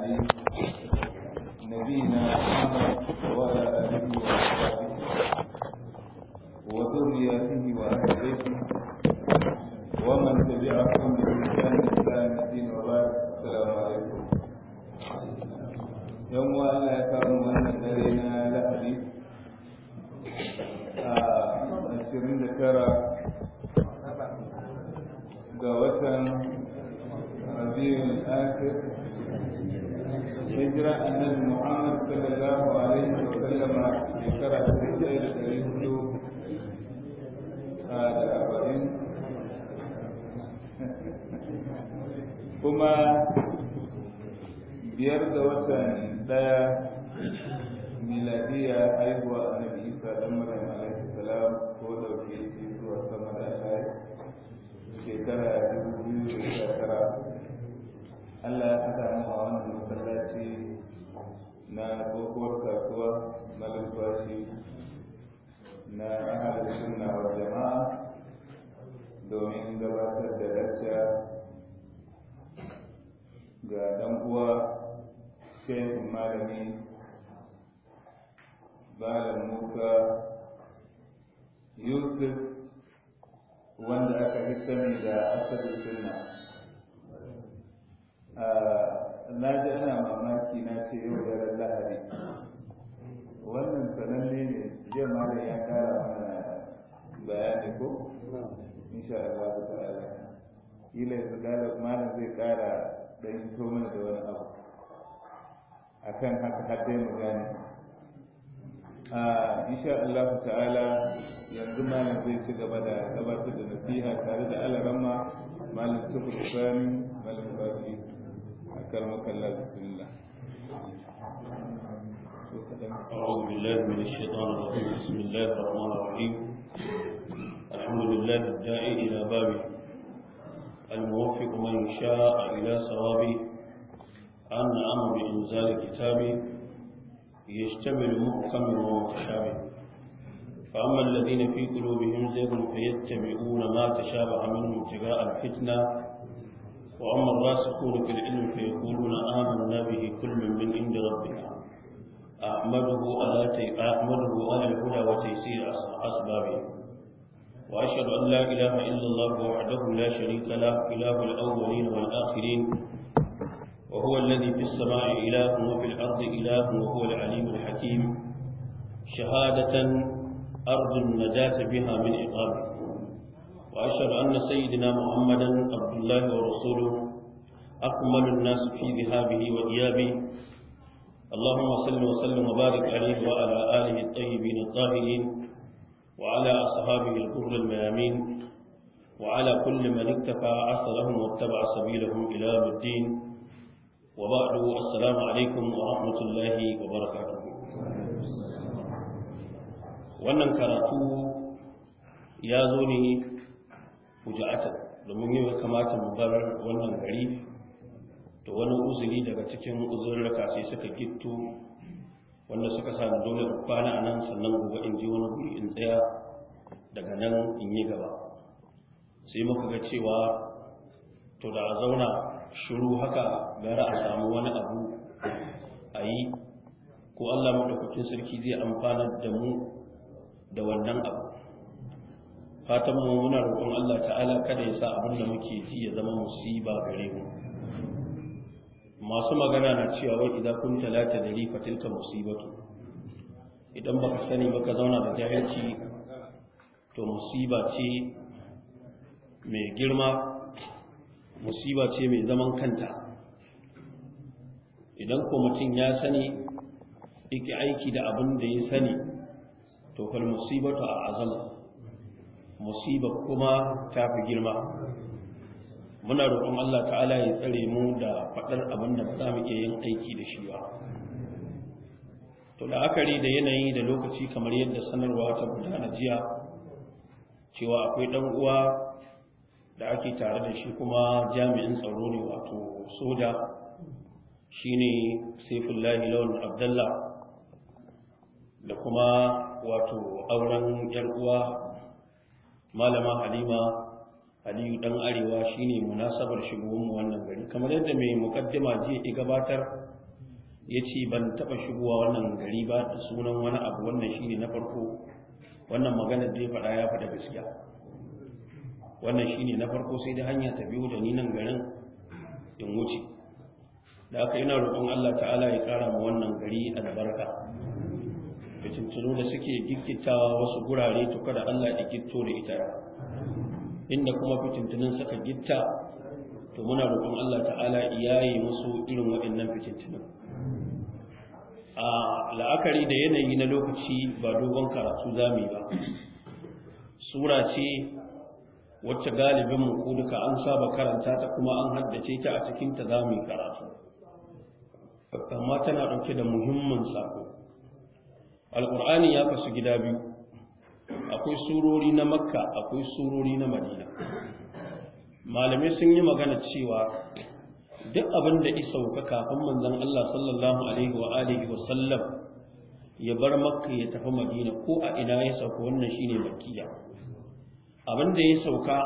العليم نبينا محمد وعلى آله وصحبه وذرياته وأهل بيته ومن تبعهم بإحسان إلى الدين وبعد السلام عليكم يوم ألا يكرم أن لدينا لأبي 29 biyar da watan daya miladiya haihuwa annabi isa dan maryam alaihi salam ko dauke shi zuwa sama da kai shekara dubu biyu da sha Allah ya saka mu a wannan masallaci na tsohuwar kasuwa na lumfashi na ahalin sunna wa jama'a domin gabatar da lacca ga dan uwa shehun malami malam musa yusuf wanda aka fi sani da asalin sunna na ji ana mamaki na ce yau daren lahari wannan sananne ne jiya malam ya kara mana bayani ko insha Allah ta'ala kila yanzu malam zai kara ɗan to mana da wani abu akan haka haddai mu gane a insha Allah ta'ala yanzu malam zai ci gaba da gabatar da nasiha tare da alarama malam tukur sami malam bashi a kalmakan bismillah أعوذ بالله من الشيطان الرجيم بسم الله الرحمن الرحيم الحمد لله الداعي إلى بابه الموفق من شاء إلى صوابه أن أمر بإنزال الكتاب يشتمل محكم ومتشابه فأما الذين في قلوبهم زيغ فيتبعون ما تشابه منه ابتغاء الفتنة وأما الراسخون في العلم فيقولون آمنا به كل من عند ربنا أحمده على تي... أحمده على الهدى وتيسير أسبابه وأشهد أن لا إله إلا الله وحده لا شريك له إله الأولين والآخرين وهو الذي في السماء إله وفي الأرض إله وهو العليم الحكيم شهادة أرض النجاة بها من إقامة وأشهد أن سيدنا محمدا عبد الله ورسوله أكمل الناس في ذهابه وإيابه اللهم صل وسلم وبارك عليه وعلى آله الطيبين الطاهرين وعلى أصحابه الكفر الميامين وعلى كل من اكتفى أثرهم واتبع سبيلهم إلى الدين وبعد السلام عليكم ورحمة الله وبركاته wannan karatu ya zo ne hujjata domin yau kamata mu bar wannan gari da wani uzuri daga cikin uzurraka sai suka gitto wanda suka sami dole da kwana a nan sannan gobe in je wani guri in tsaya daga nan in yi gaba sai muka ga cewa to da a zauna shiru haka gara a samu wani abu a yi ko Allah maɗaukakin sarki zai amfana da mu da wannan abu fatan mu muna roƙon Allah ta'ala kada ya sa abin da muke ji ya zama musiba gare mu masu magana na cewa wai idan kun talata da rifa tilka musibatu idan baka sani baka zauna da jahilci to musiba ce mai girma musiba ce mai zaman kanta idan ko mutum ya sani yake aiki da abin da ya sani to fal musiba a azama musiba kuma ta fi girma muna roƙon Allah ta'ala ya tsare mu da faɗar abin da za mu iya yin aiki da shi ba to la'akari da yanayi da lokaci kamar yadda sanarwa ta gudana jiya cewa akwai ɗan uwa da ake tare da shi kuma jami'in tsaro ne wato soja shine saifullahi launin abdullah da kuma wato auren uwa malama halima aliyu dan arewa shine munasabar shigowar mu wannan gari kamar yadda mai mukaddima ji ya gabatar ya ce ban taba shigowa wannan gari ba da sunan wani abu wannan shine na farko wannan magana da ya faɗa ya faɗa gaskiya wannan shi ne na farko sai da hanyar ta biyu da ni garin in wuce da aka yi na roƙon Allah ta'ala ya ƙara ma wannan gari albarka fitintunu da suke giggitawa wasu gurare to kada Allah ya gitto da ita inda kuma fitintunan suka gitta to muna roƙon Allah ta'ala iyaye musu irin waɗannan fitintunan. a la'akari da yanayi na lokaci ba dogon karatu zamu ba sura ce wacce galibin mu ko duka an saba karanta ta kuma an haddace ta a cikin ta zamu karatu amma tana dauke da muhimmin sako alqur'ani ya kasu gida biyu akwai surori na makka akwai surori na madina malamai sun yi magana cewa duk abin da isa sauka kafin manzon Allah sallallahu alaihi wa alihi wa sallam ya bar makka ya tafi madina ko a ina ya sauka wannan shine makkiya abin da ya sauka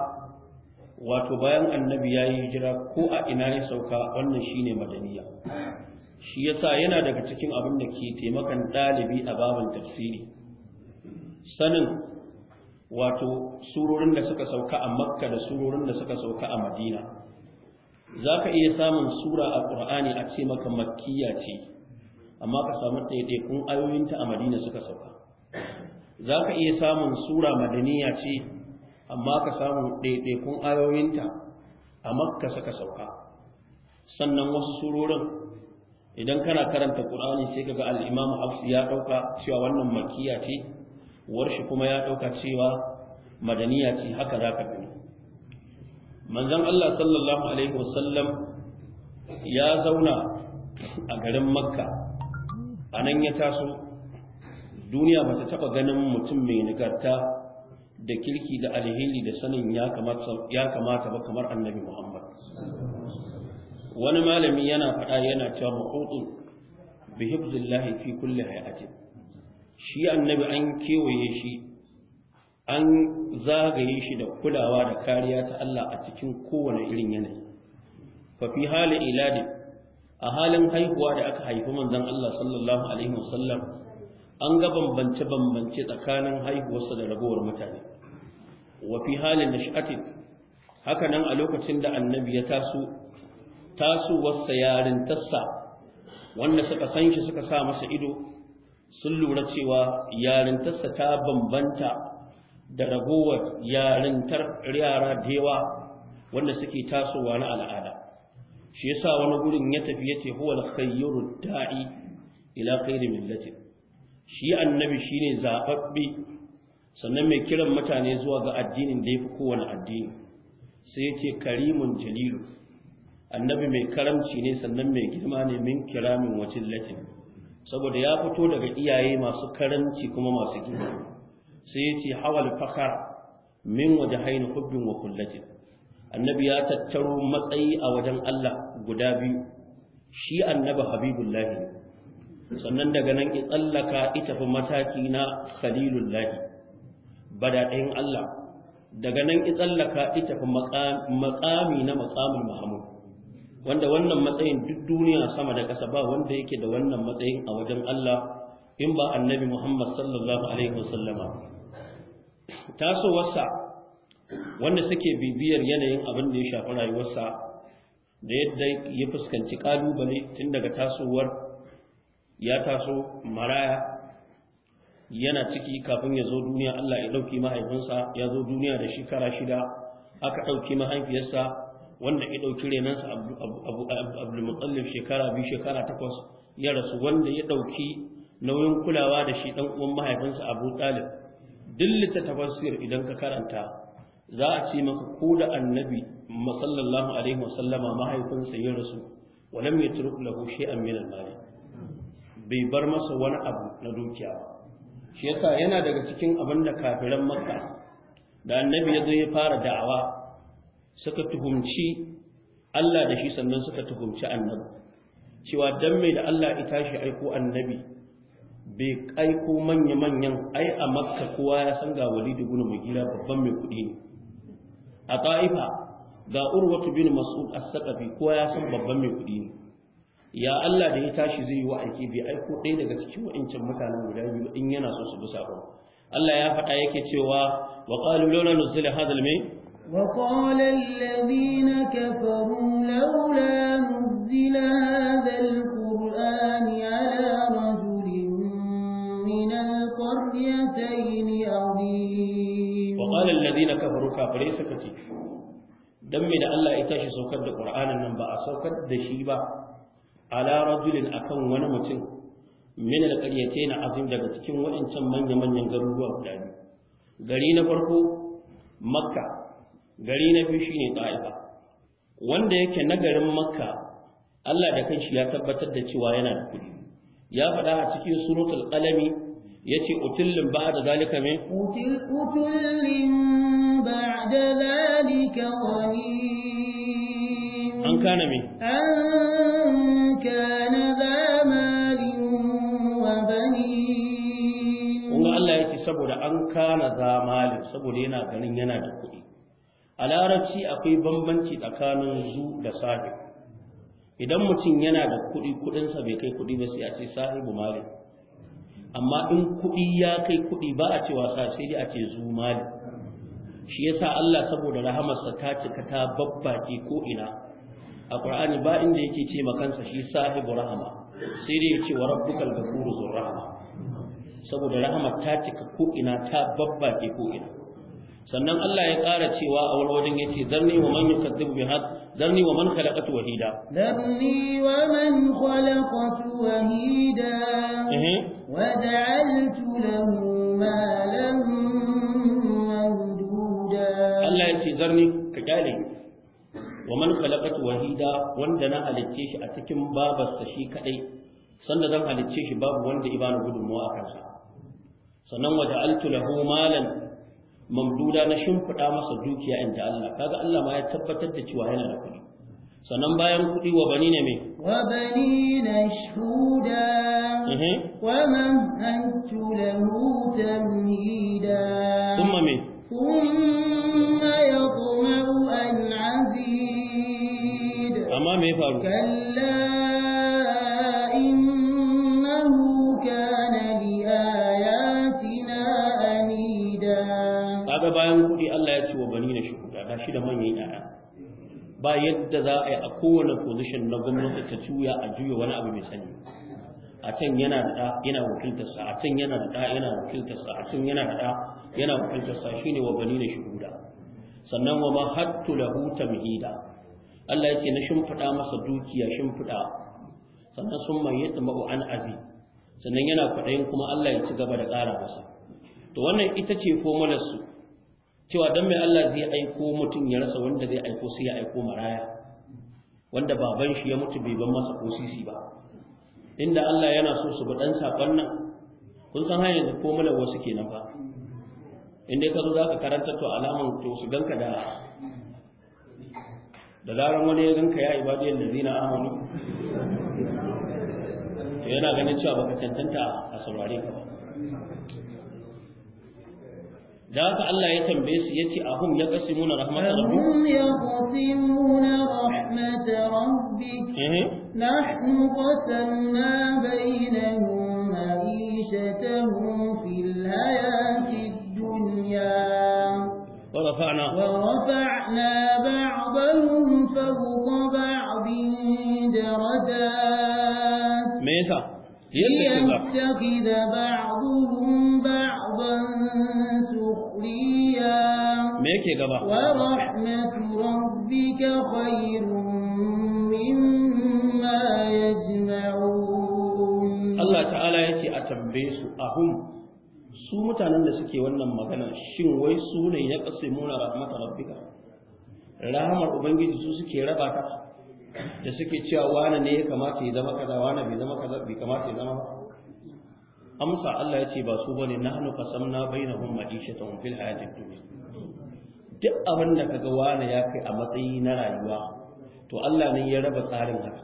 wato bayan annabi ya yi hijira ko a ina ya sauka wannan shine madaniya shi yasa yana daga cikin abin da ke taimakan ɗalibi a babin tafsiri sanin wato surorin da suka sauka a makka da surorin da suka sauka a madina za ka iya samun sura a ƙur'ani a ce maka makkiya ce amma ka samu ɗaiɗaikun ayoyinta a madina suka sauka za ka iya samun sura madaniya ce amma ka samu ɗaiɗaikun ayoyinta a makka saka sauka sannan wasu surorin idan kana karanta ƙur'ani sai kaga al-imam ya ɗauka cewa wannan makiya ce warshi kuma ya ɗauka cewa madaniya ce haka za ka gani manzon Allah sallallahu alaihi wasallam ya zauna a garin makka a nan ya taso duniya ba ta taɓa ganin mutum mai nagarta da kirki da alheri da sanin ya kamata ba kamar annabi Muhammad wani malami yana faɗa yana cewa mahutun bi hifzillahi fi kulli hayati shi annabi an kewaye shi an zagaye shi da kulawa da kariya ta Allah a cikin kowane irin yanayi fa fi hali iladi a halin haihuwa da aka haifi manzon Allah sallallahu alaihi wasallam an ga bambance-bambance tsakanin haihuwarsa da ragowar mutane wa fi halin nash'atin haka nan a lokacin da annabi ya taso wasa yarin tassa wanda suka san shi suka sa masa ido sun lura cewa tassa ta bambanta da ragowar yarintar yara da yawa wanda suke tasowa na al'ada shi yasa wani gurin ya tafi yace al khayru da'i ila khayri millati shi annabi shine zababbe sannan mai kiran mutane zuwa ga addinin da ya fi kowane addini sai yake karimun jalilu annabi mai karamci ne sannan mai girma ne min kiramin wacin latin saboda ya fito daga iyaye masu karamci kuma masu girma sai yace hawal fakar min wajhain hubbin wa kullatin annabi ya tattaro matsayi a wajen Allah guda biyu shi annabi habibullahi sannan daga nan ya tsallaka ita fi mataki na khalilullahi badaɗayin Allah daga nan itsallaka ita fa maƙami na maqamul Mahmud, wanda wannan matsayin duk duniya sama da ƙasa ba wanda yake da wannan matsayin a wajen Allah in ba annabi Muhammad sallallahu alaihi wasallama tasowarsa wanda suke bibiyar yanayin abin da ya shafi rayuwarsa da yadda ya fuskanci ƙalubale tun daga tasowar ya taso maraya yana ciki kafin ya zo duniya Allah ya ɗauki mahaifinsa ya zo duniya da shekara shida aka ɗauki mahaifiyarsa wanda ya ɗauki renansa abdulmutsalif shekara biyu shekara takwas ya rasu wanda ya ɗauki nauyin kulawa da shi ɗan uwan mahaifinsa abu ɗalib duk littattafan idan ka karanta za a ce maka ko da annabi sallallahu alaihi wasallama mahaifinsa ya rasu walam yatruk lahu shay'an min al-mali bai bar masa wani abu na dukiya ba shi yasa yana daga cikin abin da kafiran makka da annabi ya zo ya fara da'awa suka tuhumci Allah da shi sannan suka tuhumci annabi cewa dan mai da Allah ya tashi aiko annabi bai aiko manya-manyan ai a makka kowa ya san ga walidu mai mugira babban mai kuɗi ne a ta'ifa ga urwatu bin mas'ud as-saqafi kowa ya san babban mai kuɗi ne ya Allah da ya tashi zai yi wa'aiki bai aiko ɗaya daga cikin wa'incan mutanen guda biyu in yana so su bi sabon Allah ya faɗa yake cewa wa qalu lawla nuzila al mai وقال الذين كفروا لولا نزل هذا القرآن على رجل من القريتين عظيم وقال الذين suka ce. سكتي me da Allah ya tashi saukar da Qur'anin nan ba a saukar da shi ba ala rajulin akan wani mutum min na azim daga cikin waɗancan manya manyan garuruwa guda biyu gari na farko makka gari na biyu shine ta'ifa wanda yake na garin makka Allah da kanshi ya tabbatar da cewa yana da kuɗi ya faɗa a cikin suratul qalami yace utullin ba'da zalika min util utullin ba'da zalika wani. an kana min an كان ذا مال وبنين Kuma Allah yake saboda an kana za malin saboda yana ganin yana da kuɗi a larabci akwai bambanci tsakanin zu da sahi idan mutum yana da kuɗi kuɗinsa bai kai kuɗi ba sai a ce sahibu malin amma in kuɗi ya kai kuɗi ba a cewa sa sai dai a ce zu malin shi yasa Allah saboda rahamarsa ta cika ta babbaki ko ina a qur'ani ba inda yake ce makansa shi sahibu rahama sai dai yace wa rabbukal ghafuru zur rahama saboda rahama ta cika ko ina ta babba ke ko ina sannan Allah ya ƙara cewa a wani wajen yace zarni wa man yukaddibu bi had zarni wa man khalaqatu wahida zarni wa man khalaqatu wahida wa ja'altu lahu malan mawduda Allah ya ce zarni ka kyale wa man khalaqatu wahida wanda na halicce shi a cikin babarsa shi kadai sanda zan halicce shi babu wanda ibana gudunmawa a kansa sannan waje altu lahu malan mamduda na shimfiɗa masa dukiya inda Allah kaga Allah ma ya tabbatar da cewa yana da kuɗi sannan bayan kuɗi wa bani ne me wa bani na shuda wa man antu lahu tamhida kuma me kuma amma me ya faru kalla innahu kana bi ayatina anida kaga bayan kudi Allah ya ce wa bani na shuhuda ga shi da manyan yaya ba yadda za a yi a kowane position na gwamnati ta juya a juya wani abu mai sani a can yana da ɗa yana wakiltarsa a can yana da ɗa yana wakiltarsa a can yana da ɗa yana wakiltarsa shine wa bani na shuhuda sannan wa ma hattu lahu tamhida Allah ya yake na shimfiɗa masa dukiya shimfiɗa sannan sun mai yadda ma'u'an azi sannan yana kwaɗayin kuma Allah ya ci gaba da ƙara masa to wannan ita ce formularsu cewa don mai Allah zai aiko mutum ya rasa wanda zai aiko sai ya aiko maraya wanda baban shi ya mutu bai ban masa ko ba inda Allah yana so su bi ɗan saƙon nan kun san hanyar da formular wasu ke nan ba inda dai ka zo za ka karanta to alaman to su ganka da da zaran wani ya ganka ya ibadu yadda zina amanu to yana ganin cewa baka cancanta a saurare ka ba da haka Allah ya tambaye su yace ahum ya qasimuna rahmat rabbihim ahum ya qasimuna rahmat rabbik nahnu qasamna bainahum ma'ishatahum fil hayatid dunya ورفعنا ورفعنا بعضهم فوق بعض درجات ميسا ليتخذ بعضهم بعضا سخريا ميكي قبا ورحمة ربك خير مما يجمعون الله تعالى يتي أتنبيس أهم su mutanen da suke wannan magana shin wai su ne ya kasa muna rahmatar rabbika rahamar ubangiji su suke raba ta da suke cewa wane ne ya kamata ya zama kaza wane bai zama kaza bai kamata ya zama ba amsa Allah ya ce ba su bane nahnu qasamna bainahum ma'ishatan fil hayatid dunya duk abin da kaga wane ya kai a matsayi na rayuwa to Allah ne ya raba tsarin haka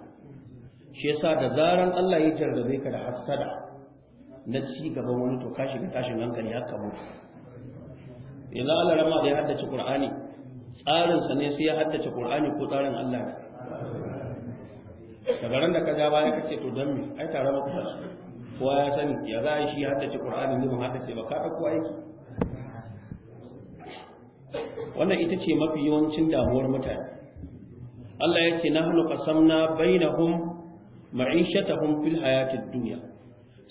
shi yasa da zaran Allah ya jarrabe ka da hasada? na ci gaban wani to kashi ga tashin hankali haka mu yanzu Allah rama da ya haddace Qur'ani tsarinsa ne sai ya haddace Qur'ani ko tsarin Allah ne daga ran da ka ja baya kace to dan me ai tare maka ba kowa ya sani ya za shi shi haddace Qur'ani ne ban haddace ba ka dauko aiki wannan ita ce mafi yawancin damuwar mutane Allah yake nahnu qasamna bainahum ma'ishatahum fil hayatid dunya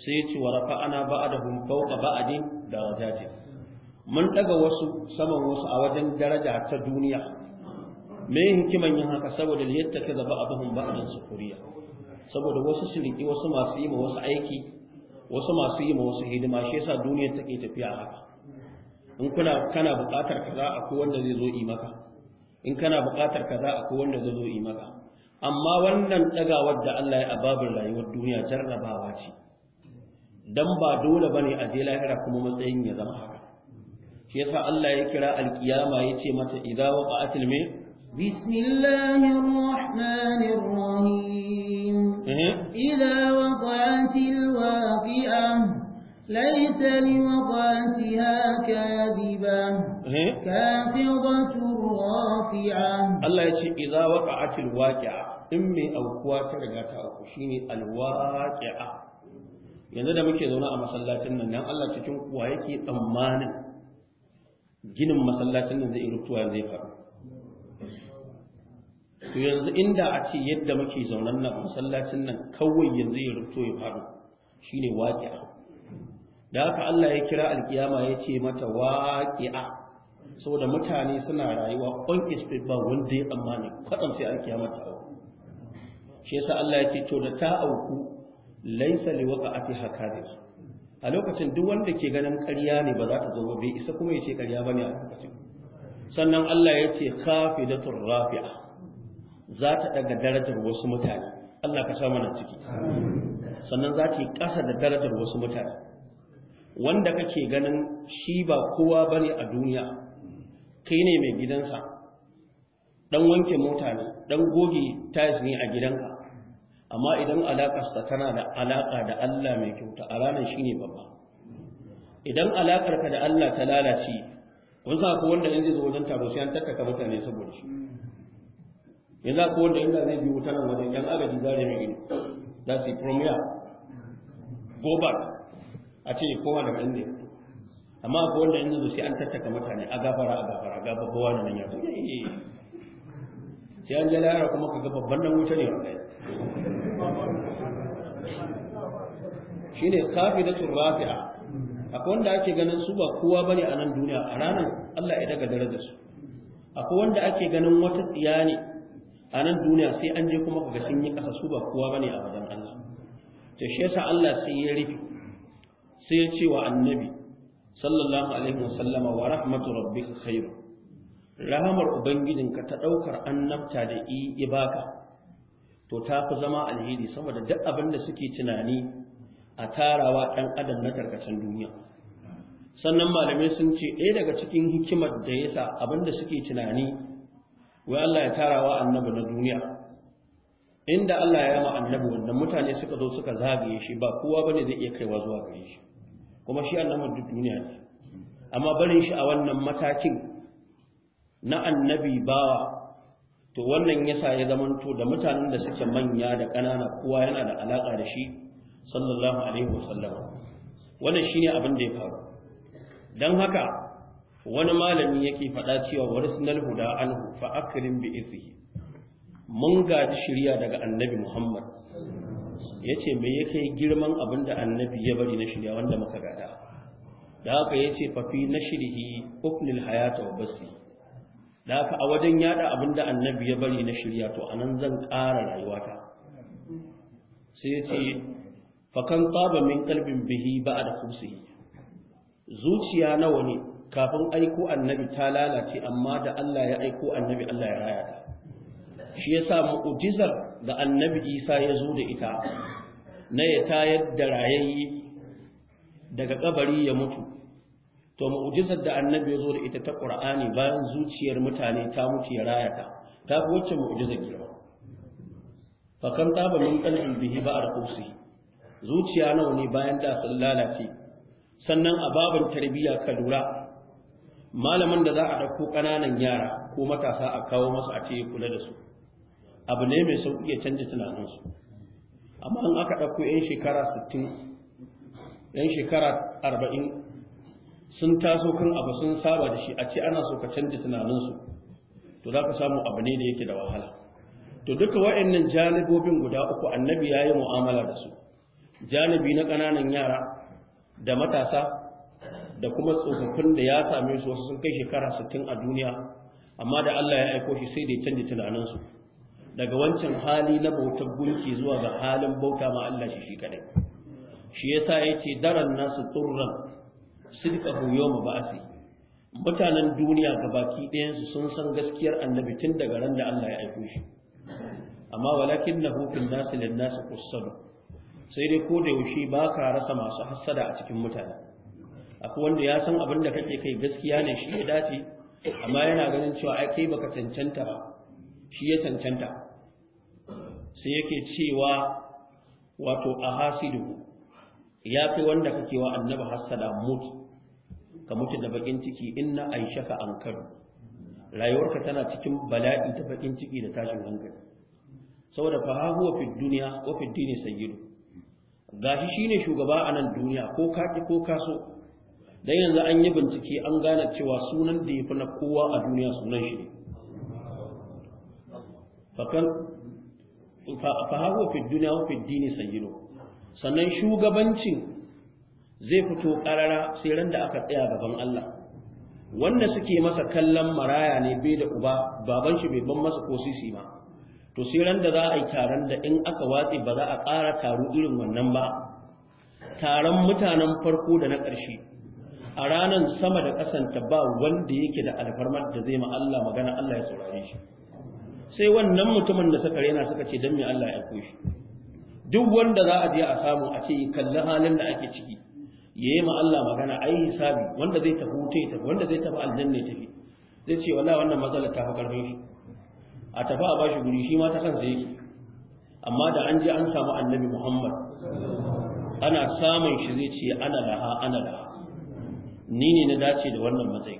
sai ya ce wa ba a din ba'din darajati mun daga wasu saman wasu a wajen daraja ta duniya me hikiman yin haka saboda ba a ba'dan sufuriya. saboda wasu siriki wasu masu yi ma wasu aiki wasu masu yi ma wasu hidima shi yasa duniya take tafiya haka in kuna kana buƙatar kaza akwai wanda zai zo yi maka in kana buƙatar kaza akwai wanda zai zo yi maka amma wannan ɗagawar da Allah ya ababin rayuwar duniya jarrabawa ce dan ba dole bane a je lahira kuma matsayin ya zama haka shi yasa Allah ya kira alkiyama yace mata idza waqa'atil mai bismillahir rahmanir rahim idza waqa'atil waqi'ah ليس لوقعتها كاذبة كافضة رافعة الله يقول إذا وقعت الواقعة إمي أو قوات رجعت أو الواقعة yanzu da muke zaune a masallacin nan dan Allah cikin kuwa yake tsammanin ginin masallacin nan zai rutuwa zai faru to yanzu inda a ce yadda muke zaunan nan masallacin nan kawai yanzu ya rutuwa ya faru shine waqi'a da haka Allah ya kira alkiyama ya ce mata waqi'a saboda mutane suna rayuwa on expect ba wanda ya tsammani kwatsam sai alkiyama ta auku shi yasa Allah ya ce to da ta auku laisa li waqa'atiha hakadir a lokacin duk wanda ke ganin ƙarya ne ba za ta zo bai isa kuma ya ce ƙarya bane a lokacin sannan Allah ya ce khafidatur rafi'a za ta daga darajar wasu mutane Allah ka sa mana ciki sannan za ta yi ƙasa da darajar wasu mutane wanda kake ganin shi ba kowa bane a duniya kai ne mai gidansa dan wanke mota ne dan goge tayis ne a gidanka amma idan alaƙarsa tana da alaƙa da Allah mai kyauta a ranar shi ne babba idan alaƙarka da Allah ta lalace kun sa ku wanda in zai zo wajen taro sai an tattaka mutane saboda shi yanzu ku wanda inda zai bi ta nan wajen yan agaji zare mai ido za su yi premier gobar a ce kowa daga inda amma ku wanda in zai sai an tattaka mutane a gabara a gabara a kowa da nan ya sai an ga lara kuma ka ga babban nan wuta ne wa kai ne da khafidatur rafi'a akwai wanda ake ganin su ba kowa bane a nan duniya a ranar Allah ya daga darajar su akwai wanda ake ganin wata tsiya ne a nan duniya sai an je kuma ga sun yi kasa su ba kowa bane a wajen Allah ta shi yasa Allah sai ya rufe sai ya ce wa annabi sallallahu alaihi sallama wa rahmatu rabbika khairu rahamar ubangijinka ta daukar annabta da ibaka to ta fi zama alheri sama da duk abin da suke tunani a tarawa ɗan adam na tarkacen duniya sannan malamai sun ce ɗaya daga cikin hikimar da ya sa abin da suke tunani wai Allah ya tarawa annabi na duniya inda Allah ya yama annabi wanda mutane suka zo suka zagaye shi ba kowa bane zai iya kaiwa zuwa gare shi kuma shi annabi duk duniya ne amma barin shi a wannan matakin na annabi bawa to wannan yasa ya zamanto da mutanen da suke manya da ƙanana kowa yana da alaƙa da shi sallallahu alaihi wasallam wannan shine abin da ya faru dan haka wani malami yake faɗa cewa warisnal huda anhu fa akrim bi izhi mun gaji shirya daga annabi Muhammad yace me yake girman abin da annabi ya bari na shirya wanda muka gada da haka yace fafi na nashrihi uknil hayata wa basri da haka a wajen yada abin da annabi ya bari na shirya to a nan zan ƙara rayuwata sai ya ce fakan tsaba min kalbin bihi ba a da kursi zuciya nawa ne kafin aiko annabi ta lalace amma da Allah ya aiko annabi Allah ya raya ta shi ya sa mu'ujizar da annabi Isa ya zo da ita na ya tayar da rayayi daga kabari ya mutu to mu'jizar da annabi ya zo da ita ta qur'ani bayan zuciyar mutane ta mutu ya raya ta ta fi wacce girma fa taba min qalbi bihi ba'ar qusi zuciya nawa ne bayan da sun lalace sannan a babin tarbiyya ka lura malamin da za a dauko kananan yara ko matasa a kawo masu a ce kula da su abu ne mai sauki ya canja tunaninsu amma in aka ɗauko 'yan shekara 60 'yan shekara 40 sun taso kan abu sun saba da shi a ce ana so ka canza tunaninsu to za ka samu abu ne da yake da wahala to duka wa'annan janibobin guda uku annabi ya yi mu'amala da su janibi na ƙananan yara da matasa da kuma tsofaffin da ya same su wasu sun kai shekara sittin a duniya amma da Allah ya aiko shi sai da ya canza tunaninsu daga wancan hali na bautar gunki zuwa ga halin bauta ma Allah shi shi kadai shi yasa ce daran nasu turran sidqahu yawma ba'si mutanen duniya gabaki ɗayansu sun san gaskiyar annabi tun daga ran da Allah ya aiko shi amma walakin na hukun nasu lin nasu kussadu sai dai ko da yaushe ba ka rasa masu hassada a cikin mutane akwai wanda ya san abin da kake kai gaskiya ne shi ya dace amma yana ganin cewa ai kai baka cancanta ba shi ya cancanta sai yake cewa wato a hasidu ya fi wanda kake wa annabi hassada mutu ka mutu da bakin ciki inna aishaka ankaru rayuwarka tana cikin bala'i ta bakin ciki da tashin hankali saboda fa huwa fi dunya wa fi dini sayyidu gashi shine shugaba a nan duniya ko ka ki ko ka so dan yanzu an yi bincike an gane cewa sunan da yafi na kowa a duniya sunan shi fakan fa huwa fi dunya wa fi dini sayyidu sannan shugabancin zai fito karara sai ran da aka tsaya gaban Allah wanda suke masa kallon maraya ne bai da uba baban shi bai ban masa ko sisi ba to sai ran da za a yi taron da in aka watse ba za a ƙara taro irin wannan ba taron mutanen farko da na ƙarshe a ranar sama da ƙasanta ba wanda yake da alfarmar da zai ma Allah magana Allah ya saurare shi sai wannan mutumin da suka rena suka ce don me Allah ya koshi duk wanda za a je a samu a ce kalli halin da ake ciki yayi ma Allah magana ai hisabi wanda zai tafi wuta tafi wanda zai tafi aljanna tafi zai ce wallahi wannan matsalar ta fi ƙarfin shi a tafi a bashi guri shi ma ta kansa yake amma da an je an samu annabi Muhammad ana samun shi zai ce ana laha ana laha ni ne na dace da wannan matsayi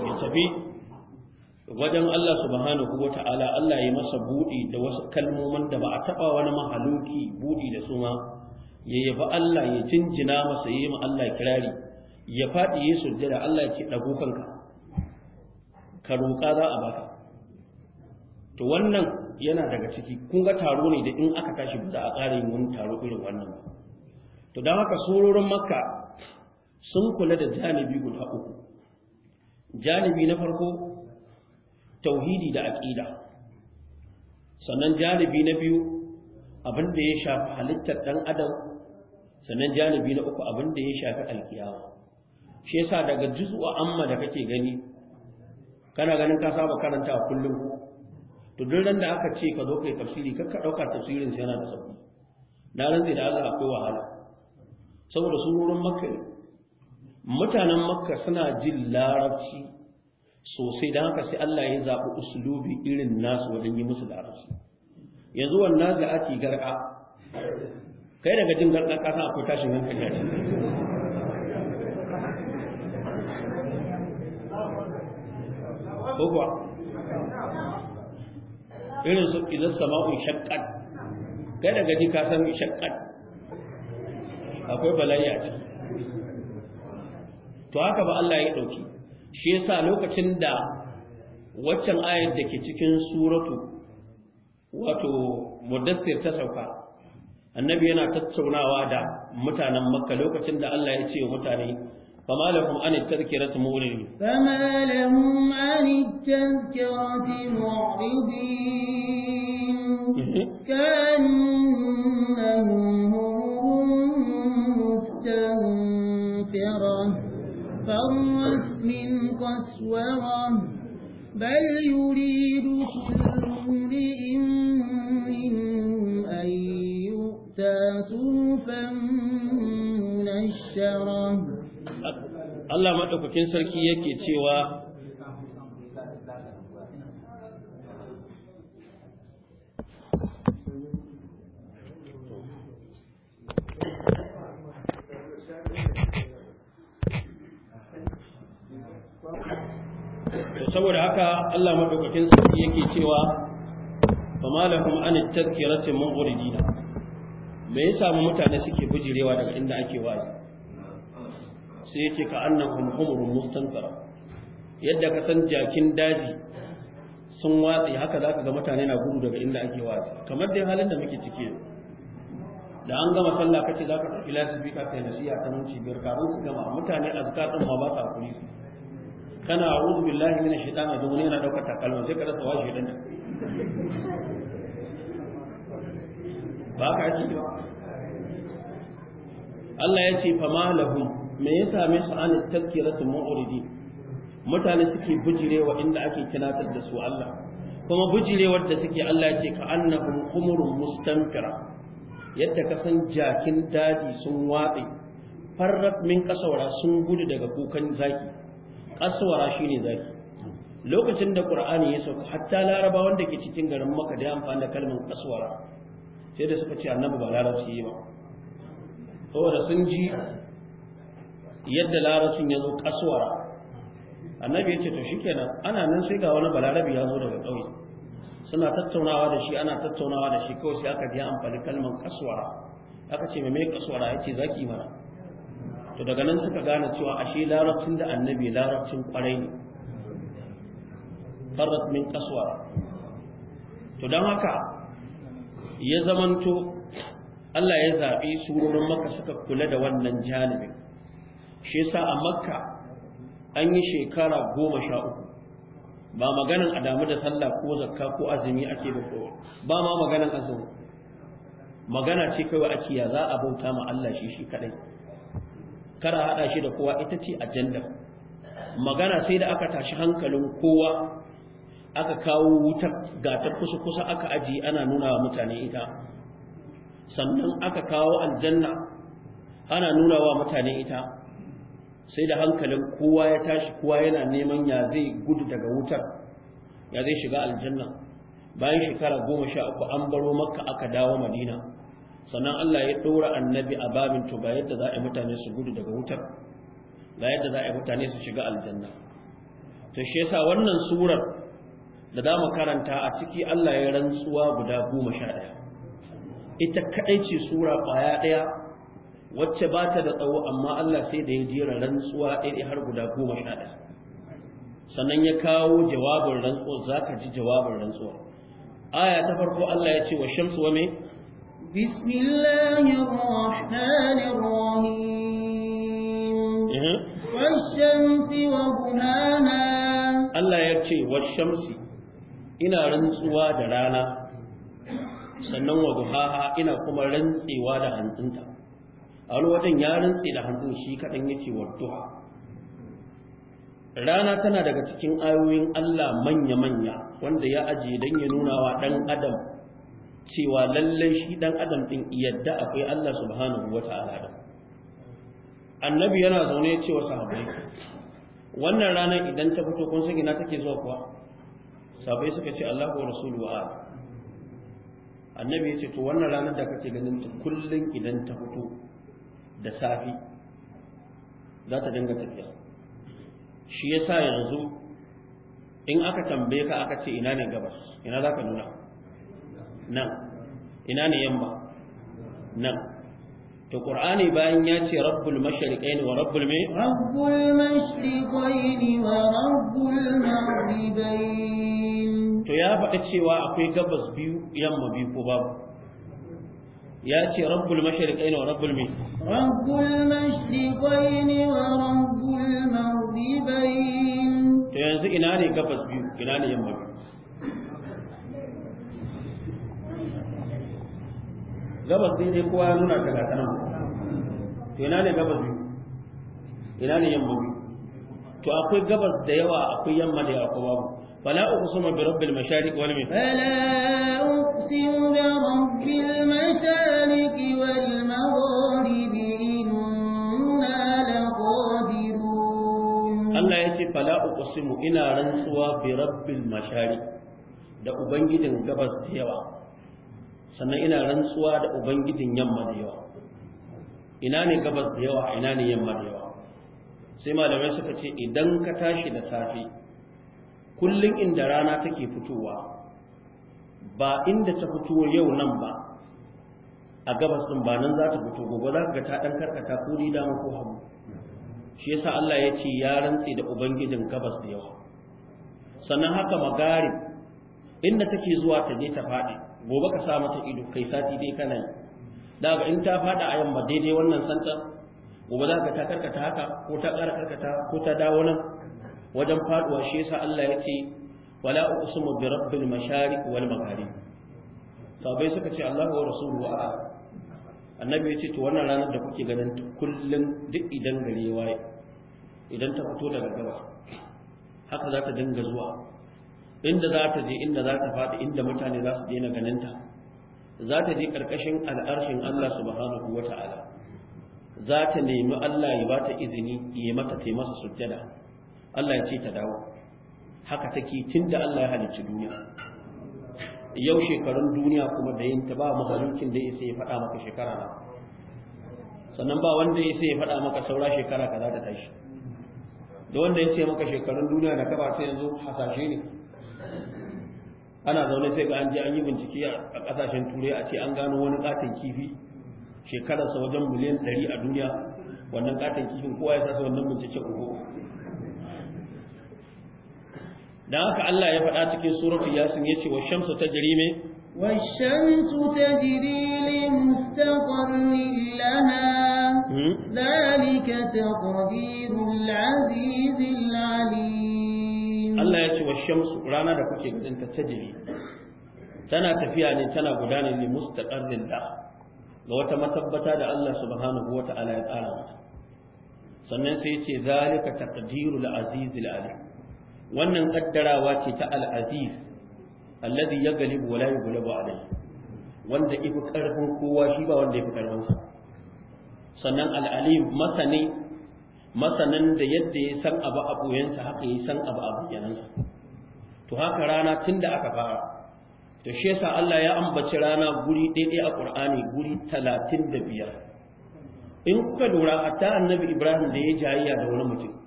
ya tafi wajen Allah subhanahu wa ta'ala Allah ya masa buɗi da wasu kalmomin da ba a taɓa wani mahaluki buɗi da su ma ya Allah ya jinjina masa yi ma Allah kirari ya faɗi ya sujjada Allah ya ce ɗago kanka ka roƙa za a baka to wannan yana daga ciki kun ga taro ne da in aka tashi ba za a ƙara yin wani taro irin wannan to don haka sororin makka sun kula da janibi guda uku janibi na farko tauhidi da aƙida sannan janibi na biyu abin da ya shafi halittar ɗan adam sannan janibi na uku abin da ya shafi alkiyama shi yasa daga juz'u amma da kake gani kana ganin ka saba karanta a kullum to duk ran da aka ce ka zo kai tafsiri kar ka dauka tafsirin sai yana da sauki na zai da Allah akwai wahala saboda surorin makka mutanen makka suna jin larabci sosai don haka sai Allah ya zaɓi usulubi irin nasu wajen yi musu larabci yanzu wannan ake garka kai daga jin garɗa ka san akwai tashin hankali a cikin ko kuwa irin su idan sama'un shakkat kai daga ji ka san shakkat akwai bala'i a ciki to haka ba Allah ya dauki shi yasa lokacin da waccan ayat da ke cikin suratu wato mudassir ta sauka النبي هنا تتصغنا وعدا متانا مكة لو كتن دا الله يتيه متاني فما لهم عن التذكرة مغربين فما لهم عن التذكرة مغربين كأنهم مستنفرة فرت من قسورة بل يريد كل بشرا Allah maɗaukakin sarki yake cewa saboda haka Allah maɗaukakin sarki yake cewa fama lahum an dina mai me samu mutane suke bujirewa daga inda ake wa'azi sai yake ka annan annahum umurun mustanfara yadda ka san jakin daji sun watsi haka ka ga mutane na gudu daga inda ake watsi kamar dai halin da muke ciki da an gama sallah kace ka tafi lasifi ka kai nasiya ta nan biyar kafin su gama mutane a din ma ba ta hakuri kana a'udhu billahi minash shaitani rajim ne yana daukar takalma sai ka rasa shi dan ba ka ji ba Allah ya ce fama lahum me ya same su an su mu'ridi mutane suke bujirewa inda ake tunatar da su Allah kuma bujirewar da suke Allah ce ka annahum umurun mustanfira yadda ka san jakin daji sun watsi farrat min kasawara sun gudu daga kukan zaki kasawara shine zaki lokacin da qur'ani ya sauka hatta laraba wanda ke cikin garin maka da amfani da kalmar kasawara sai da suka ce annabi ba larabci ba saboda sun ji yadda larabcin ya zo kasuwara annabi ya ce to shikenan ana nan sai ga wani balarabi ya zo daga ƙauye suna tattaunawa da shi ana tattaunawa da shi kawai sai aka biya amfani kalmar kasuwara aka ce mai kasuwara ya ce zaki mana to daga nan suka gane cewa ashe larabcin da annabi larabcin kwarai ne farrat min kasuwara to don haka ya zamanto Allah ya zaɓi surorin maka suka kula da wannan janibin shi yasa a makka an yi shekara goma sha uku ba maganin a damu da sallah ko zakka ko azumi ake ba kowa ba ma maganin azumi magana ce kawai ake ya za a bauta ma Allah shi shi kadai kara hada shi da kowa ita ce ajandar magana sai da aka tashi hankalin kowa aka kawo wutar gatar kusa-kusa aka aji ana nuna wa mutane ita sannan aka kawo aljanna ana nuna wa mutane ita sai da hankalin kowa ya tashi kowa yana neman ya zai gudu daga wutar ya zai shiga aljanna bayan shekara goma sha uku an baro makka aka dawo madina sannan allah ya ɗora annabi a babin to ga yadda za a yi mutane su gudu daga wutar ga yadda za a yi mutane su shiga aljanna to shi yasa wannan surar da za mu karanta a ciki allah ya rantsuwa guda goma sha ɗaya ita kaɗai ce sura ƙwaya ɗaya wacce ba ta da tsawo amma Allah sai da ya jera rantsuwa ɗaya har guda goma sha ɗaya sannan ya kawo jawabin rantsuwa za ka ji jawabin rantsuwa aya ta farko Allah ya ce wa shamsu wa me bismillahir wa duhaha Allah ya ce wash-shamsi ina rantsuwa da rana sannan wa guhaha ina kuma rantsewa da hantsinta a wani wajen ya rantse da hannun shi kaɗan ya ce wadduha rana tana daga cikin ayoyin Allah manya-manya wanda ya ajiye don ya nuna wa ɗan adam cewa lallai shi ɗan adam ɗin yadda akwai Allah subhanahu wa ta'ala da annabi yana zaune ya ce wa sahabbai wannan ranar idan ta fito kun san ina take zuwa kuwa sahabbai suka ce Allah wa rasulu wa annabi ya ce to wannan ranar da kake ganin ta kullum idan ta fito da safi za ta dinga tafiya shi ya sa yanzu in aka tambaye ka aka ce ina ne gabas ina za ka nuna nan ina ne yamma nan to qur'ani bayan ya ce rabbul mashriqaini wa rabbul mai rabbul mashriqaini wa rabbul maghribain to ya faɗa cewa akwai gabas biyu yamma biyu ko babu ya ce rabbul mashriqain wa rabbul min rabbul mashriqain wa rabbul maghribain to yanzu ina ne gabas biyu ina ne yamma gabas sai dai kowa nuna ta ga kanan to ina ne gabas biyu ina ne yamma to akwai gabas da yawa akwai yamma da yawa babu fala uqsimu bi rabbil mashariq wal maghrib fala أقسم برب المشارق والمغارب إنا لقادرون الله يتي فلا أقسم da Ubangijin gabas da yawa sannan ina rantsuwa da Ubangijin yamma da yawa ina ne gabas da yawa ina ne yamma da yawa sai malamai suka ce idan ka tashi da safe kullum inda rana take fitowa ba inda ta fito yau nan ba a gabas din ba nan za ta fito gobe za ka ga ta dan karkata ko ni dama ko hagu shi yasa Allah ya ce ya rantse da ubangijin gabas da yawa sannan haka magari inda take zuwa ta je ta faɗi gobe ka sa mata ido kai sati dai kana yi ba in ta faɗa a yamma daidai wannan santa gobe za ka ta karkata haka ko ta ƙara karkata ko ta dawo nan wajen faɗuwa shi yasa Allah ya ce wala uqsimu برب المشارق والمغارب wal magharib sabai suka ce Allahu wa rasuluhu a annabi yace to wannan ranar da kuke ganin kullun duk idan ya waye idan ta fito daga gaba haka za ta dinga zuwa inda za ta je inda za ta faɗi inda mutane za su daina ganinta za ta je ƙarƙashin al'arshin Allah subhanahu wa ta'ala za ta nemi Allah ya ba ta izini ya mata taimaka sujjada Allah ya ce ta dawo haka take tun da Allah ya halicci duniya yau shekarun duniya kuma da yin ta ba mahalukin da isa ya faɗa maka shekara na sannan ba wanda isa ya faɗa maka saura shekara ka za ta tashi da wanda ya ce maka shekarun duniya na kaba ta yanzu hasashe ne ana zaune sai ga an je an yi bincike a kasashen turai a ce an gano wani katin kifi shekararsa wajen miliyan ɗari a duniya wannan katin kifin kowa ya sasa wannan bincike uku Da haka Allah ya faɗa cikin suratul yasin ce wa shamsu tajri me wa shamsu tajri li mustaqarrin laha hmm? zalika taqdirul azizil alim Allah ya ce wa shamsu rana da kuke ganin ta tajri tana tafiya ne tana gudana li mustaqarrin da, ga wata matabbata da Allah subhanahu wata'ala ya tsara mata sannan sai ya yace zalika taqdirul azizil alim wannan kaddarawa ce ta al-aziz alladhi yaghlibu wa la yughlabu alayhi wanda ifi karfin kowa shi ba wanda yafi karfin sa sannan al-alim masani masanan da yadda ya san abu a boyansa haka ya san abu a bayyanansa to haka rana tun da aka fara to shi yasa Allah ya ambaci rana guri ɗaya a Qur'ani guri talatin da biyar. in kuka lura hatta annabi Ibrahim da ya jayayya da wani mutum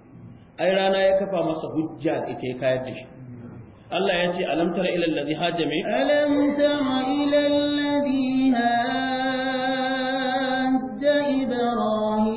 ai rana ya kafa masa hujja da ita ya kayar da shi Allah ya ce alam tara ila allazi haja mai alam tara ila allazi hajja ibrahim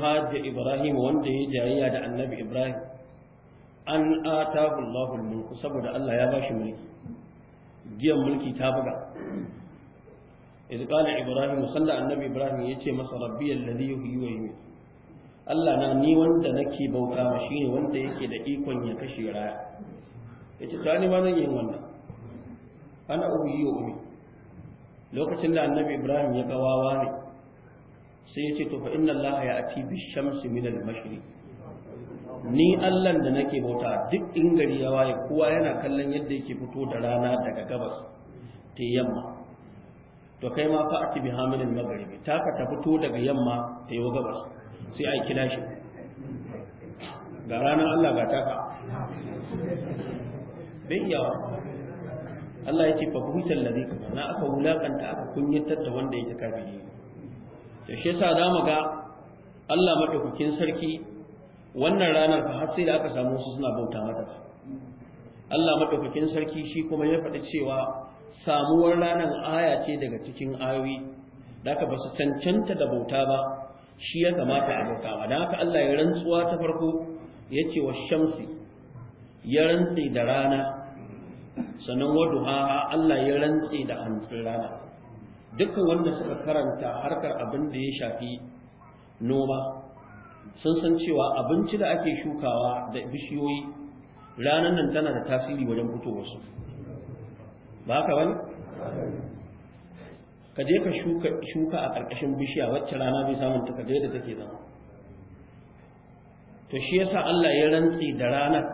hajja ibrahim wanda ya jayayya da annabi ibrahim an atahu Allahu mulku saboda Allah ya bashi mulki giyan mulki ta buga idh qala ibrahim salla annabi ibrahim yace masa rabbi alladhi yuhyi wa yumiit Allah na ni wanda nake bauta ma shine wanda yake da ikon ya kashe raya yace ta ni ma zan yi wannan ana ubi wa umi lokacin da annabi ibrahim ya gawawa ne sai ya ce to fa inna allaha ya ati bi shamsi min al mashriq ni Allah da nake bauta duk in gari ya waye kowa yana kallon yadda yake fito da rana daga gabas ta yamma to kai ma fa ati bi hamilin magharibi taka ta fito daga yamma ta yau gabas sai ai kira shi rana ranar Allah ga taka bai yawa Allah ya ce fa kuhitar ladhi na aka wulakanta aka kunyatar da wanda yake kafiri da shi yasa za mu ga Allah madaukakin sarki wannan ranar fa har sai da aka samu su suna bauta mata Allah madaukakin sarki shi kuma ya faɗi cewa samuwar ranar aya ce daga cikin ayoyi da aka ba su cancanta da bauta ba shi ya kamata a bauta ba don haka Allah ya rantsuwa ta farko ya ce wa shamsi ya rantse da rana sannan waduha Allah ya rantse da hantsin rana dukkan wanda suka karanta harkar abin da ya shafi noma sun san cewa abinci da ake shukawa da bishiyoyi ranar nan tana da tasiri wajen fitowarsu ba ka wani? ka je ka shuka a ƙarƙashin bishiya wacce rana bai samun ta kaje da take zama to shi yasa Allah ya rantsi da ranar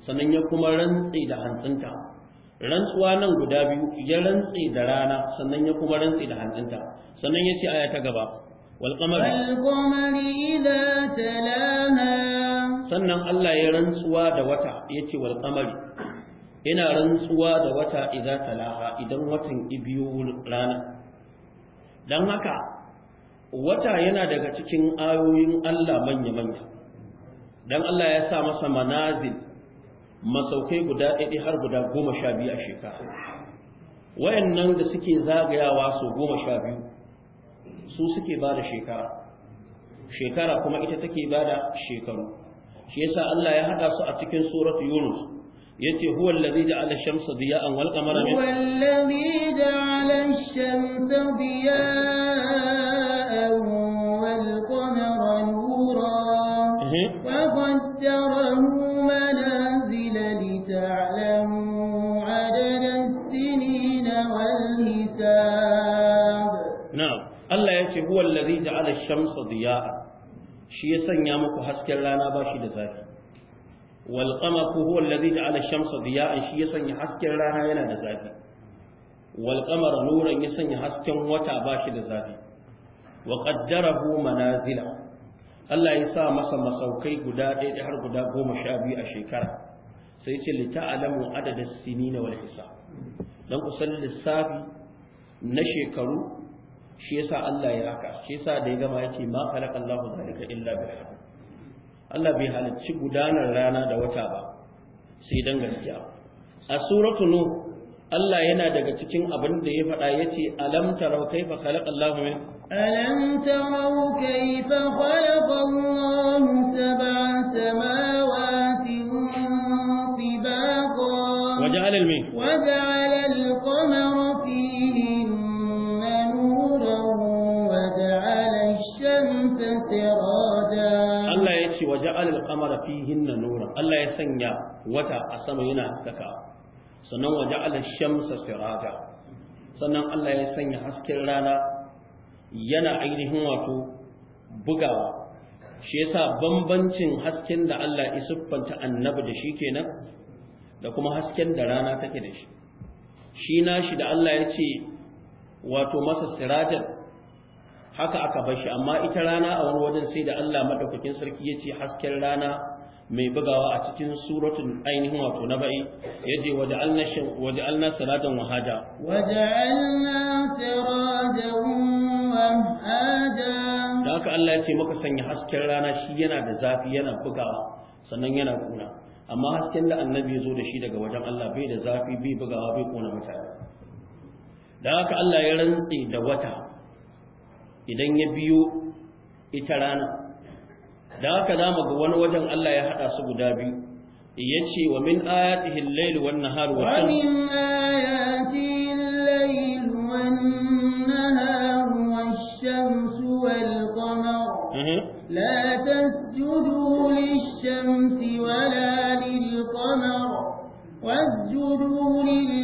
sannan ya kuma rantsi da hantsinta rantsuwa nan guda biyu ya rantse da rana sannan ya kuma rantse da hantsinta sannan ya ce aya ta gaba wal qamari idza talaha sannan Allah ya rantsuwa da wata yace wal qamari ina rantsuwa da wata idza talaha idan watan ibiyu rana dan haka wata yana daga cikin ayoyin Allah manya manya dan Allah ya sa masa manazil masaukai guda ɗaiɗi har guda goma sha biyu a shekara wayannan da suke zagayawa su goma sha biyu su suke ba da shekara shekara kuma ita take ba da shekaru shi yasa Allah ya haɗa su a cikin suratu yunus yace huwa allazi ja'ala ash-shamsa diya'an wal qamara huwa allazi ja'ala ash-shamsa diya'an wal qamara nuran wa qaddarahu ce huwa allazi ja'ala ash-shamsa diya'a shi ya sanya muku hasken rana ba shi da zafi wal qamara huwa allazi ja'ala ash-shamsa diya'an shi ya sanya hasken rana yana da zafi wal qamara nuran ya sanya hasken wata ba shi da zafi wa qaddarahu manazila Allah ya sa masa masaukai guda ɗaya har guda goma sha biyu a shekara sai ce lita'alamu adadin sinina wal hisab dan ku san lissafi na shekaru shi yasa Allah ya haka shi yasa da ya gama yake ma khalaqa Allahu zalika illa bil haqq Allah bai halicci gudanar rana da wata ba sai dan gaskiya a suratu nu Allah yana daga cikin abin da ya faɗa yace alam tarau kaifa khalaqa min alam tarau kaifa khalaqa Allah sab'a samawati tibaqa waja'al min waja'al waje alal kamara fihin na nura Allah ya sanya wata a sama yana haskaka sannan waje alal shamsa siraja sannan Allah ya sanya hasken rana yana ainihin wato bugawa shi yasa bambancin hasken da Allah ya siffanta annabi da shi kenan da kuma hasken da rana take da shi shi nashi da Allah ya ce wato masa sirajan haka aka bar shi amma ita rana a wani wajen sai da Allah madaukakin sarki ya ce hasken rana mai bugawa a cikin suratun ainihin wato na ba'i ya ce waja'alna waja'alna salatan wahada waja'alna sirajan wahada da haka Allah ya ce maka sanya hasken rana shi yana da zafi yana bugawa sannan yana kuna amma hasken da annabi ya zo da shi daga wajen Allah bai da zafi bai bugawa bai kona mutane da haka Allah ya rantse da wata idan ya biyo ita rana da haka za mu ga wani wajen Allah ya haɗa su guda biyu ya ce wa min ayatihi al-layl wan nahar wa min ayatihi al-layl wan nahar wash-shamsu wal-qamar mhm. la tasjudu lish-shamsi wala lil-qamar wasjudu lil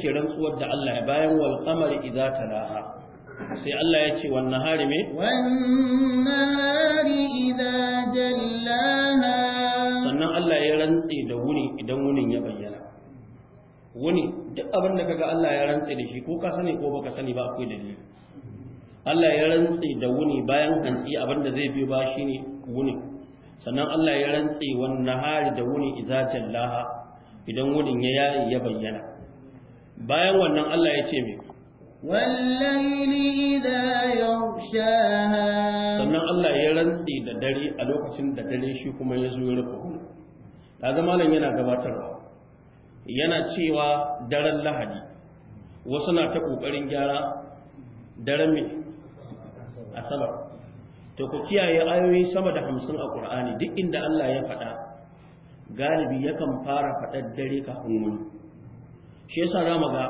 ce rantsuwar da Allah ya bayan wal qamari idza talaha sai Allah ya ce wan nahari me wan nahari idza jallaha sannan Allah ya rantsi da wuni idan wunin ya bayyana wuni duk abin da kaga Allah ya rantsi da shi ko ka sani ko baka sani ba akwai dalili Allah ya rantsi da wuni bayan hantsi abin da zai biyo ba shine wuni sannan Allah ya rantsi wan nahari da wuni idza jallaha idan wunin ya yayi ya bayyana bayan wannan Allah ya ce mai da sannan Allah ya rantsi da dare a lokacin da dare shi kuma ya zo ya rufe ta zama nan yana gabatarwa yana cewa daren lahadi wasu na ta ƙoƙarin gyara daren mai asabar ta ku kiyaye ayoyi sama da hamsin a ƙur'ani duk inda Allah ya faɗa galibi yakan fara faɗar dare ka wani shi yasa za mu ga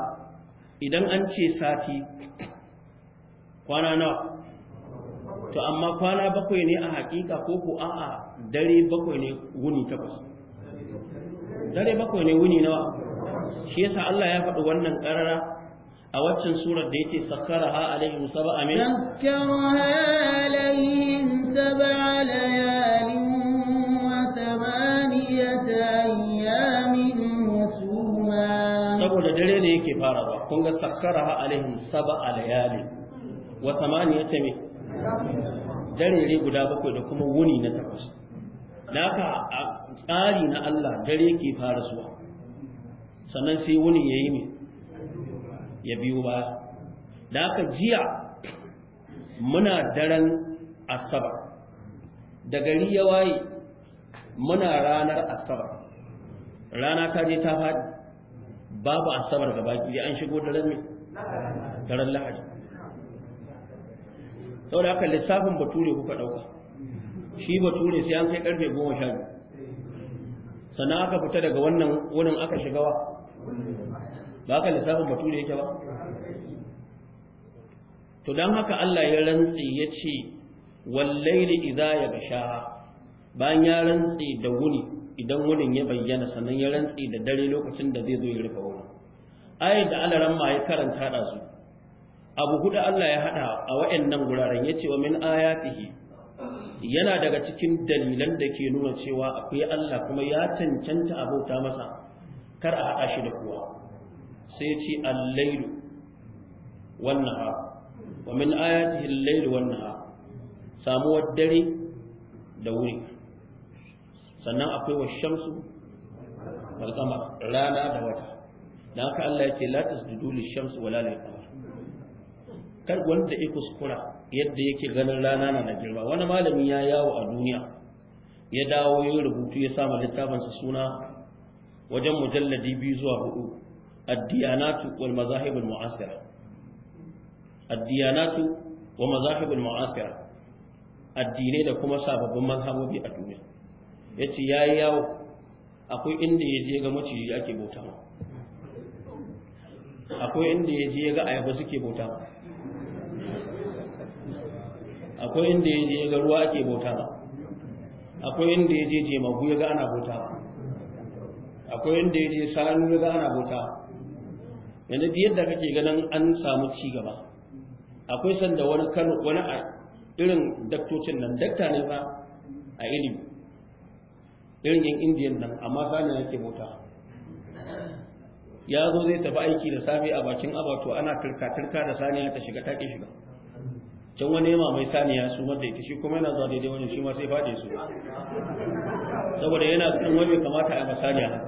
idan an ce sati kwana nawa to amma kwana bakwai ne a hakika ko ko a'a dare bakwai ne wuni takwas dare bakwai ne wuni nawa shi yasa Allah ya faɗi wannan ƙarara a waccan surar da yake sakkara ha alaihim sab'a min sakkara alaihim sab'a layali fara ba kun ga ha alaihim sab'a alayali wa thamaniyata min dare guda bakwai da kuma wuni na takwas naka a tsari na Allah dare ke fara zuwa sannan sai wuni yayi me ya biyo ba naka jiya muna daren asabar da gari ya waye muna ranar asabar rana ta je ta faɗi babu asabar gaba ya an shigo daren ne daren lahadi saboda haka lissafin bature kuka dauka shi bature sai an kai karfe biyu. sannan aka fita daga wannan wurin aka shiga wa ba ka lissafin bature yake ba to dan haka Allah ya rantsi ya ce wallaili idza gasha bayan ya rantsi da wuni idan wurin ya bayyana sannan ya rantsi da dare lokacin da zai zo ya rufe wurin ayi da alaran ma ya karanta da su abu hudu Allah ya hada a wayannan guraren yace wa min ayatihi yana daga cikin dalilan da ke nuna cewa akwai Allah kuma ya cancanta abota masa kar a haɗa shi da kowa sai ce al-lailu wan nahar wa min ayatihi al-lailu wan nahar samuwar dare da wuri sannan akwai wa shamsu wal qamar rana da wata dan haka Allah ya ce la tasjudu lish shamsi wala lil qamar kar wanda ya kuskura yadda yake ganin rana na girma wani malami ya yawo a duniya ya dawo ya rubutu ya littafin littafinsa suna wajen mujalladi biyu zuwa hudu addiyanatu wal al mu'asira addiyanatu wa al mu'asira addinai da kuma sababbin manhajoji a duniya ya ce ya yi yawo akwai inda ya je ga maciji ake bauta akwai inda ya je ga ayaba suke bauta akwai inda ya je ga ruwa ake bauta akwai inda ya je jemagu ya ga ana bauta akwai inda ya je sanu ya ga ana bauta yanzu yadda kake ganin an samu ci gaba akwai sanda wani kano wani a irin daktocin nan dakta ne fa a ilimi irin yan indiyan nan amma sani yake mota ya zo zai tafi aiki da safe a bakin abato ana turka-turka da saniya ta shiga take shiga can wani yama mai saniya su da ita shi kuma yana zuwa daidai wani shi ma sai faɗi su saboda yana tsanin wani kamata a masaniya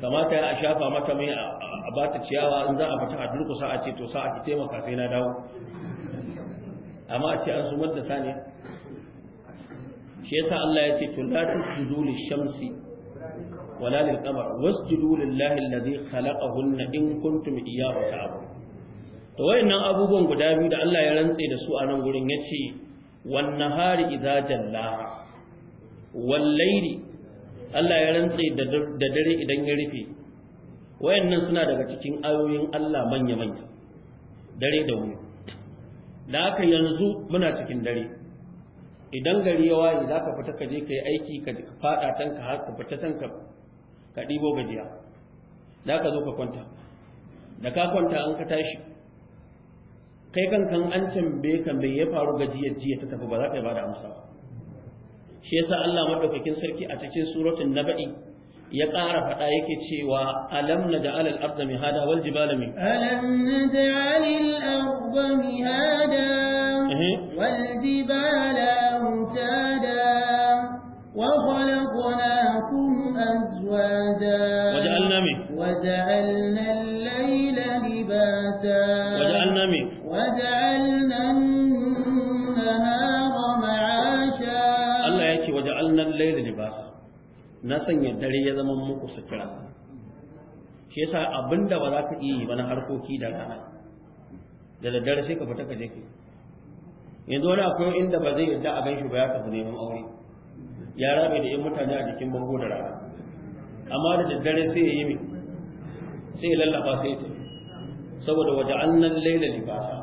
kamata ya shafa mata mai a bata ciyawa in za a fita a durkusa a ce to sa a ki taimaka sai na dawo amma a ce an su da saniya shi yasa Allah ya ce to la tusjudu lishamsi shamsi wala lilqamar wasjudu lillahi alladhi khalaqahunna in kuntum iyyahu ta'budun to wayannan abubuwan guda biyu da Allah ya rantse da su a nan gurin yace wan nahari idza jalla wal layli Allah ya rantse da dare idan ya rufe wayannan suna daga cikin ayoyin Allah manya manya dare da wuni da haka yanzu muna cikin dare idan gari ya waye za ka fita ka je ka yi aiki ka faɗa tan ka har ka fita tan ka ka ɗibo gajiya za ka zo ka kwanta da ka kwanta an ka tashi kai kankan an tambaye ka me ya faru gajiyar jiya ta tafi ba za ka yi ba da amsa ba shi yasa Allah madaukakin sarki a cikin suratul naba'i ya ƙara faɗa yake cewa alam naj'al al-ardha mihada wal jibala min alam naj'al al-ardha mihada والجبال أوتادا وخلقناكم أزواجا وجعلنا من وجعلنا الليل لباسا وجعلنا من وجعلنا النهار معاشا الله يأتي وجعلنا الليل لباسا نسن يدري يزمن مكو سكرا shi yasa abinda ba za ka iya yi ba na harkoki da rana da daddare sai ka fita ka je ka yanzu wani akwai inda ba zai yadda a ganshi ba ya tafi neman aure ya rabe da yan mutane a jikin bango da rana amma da daddare sai ya yi mai sai ya lallaba sai ta saboda waje annan laila libasa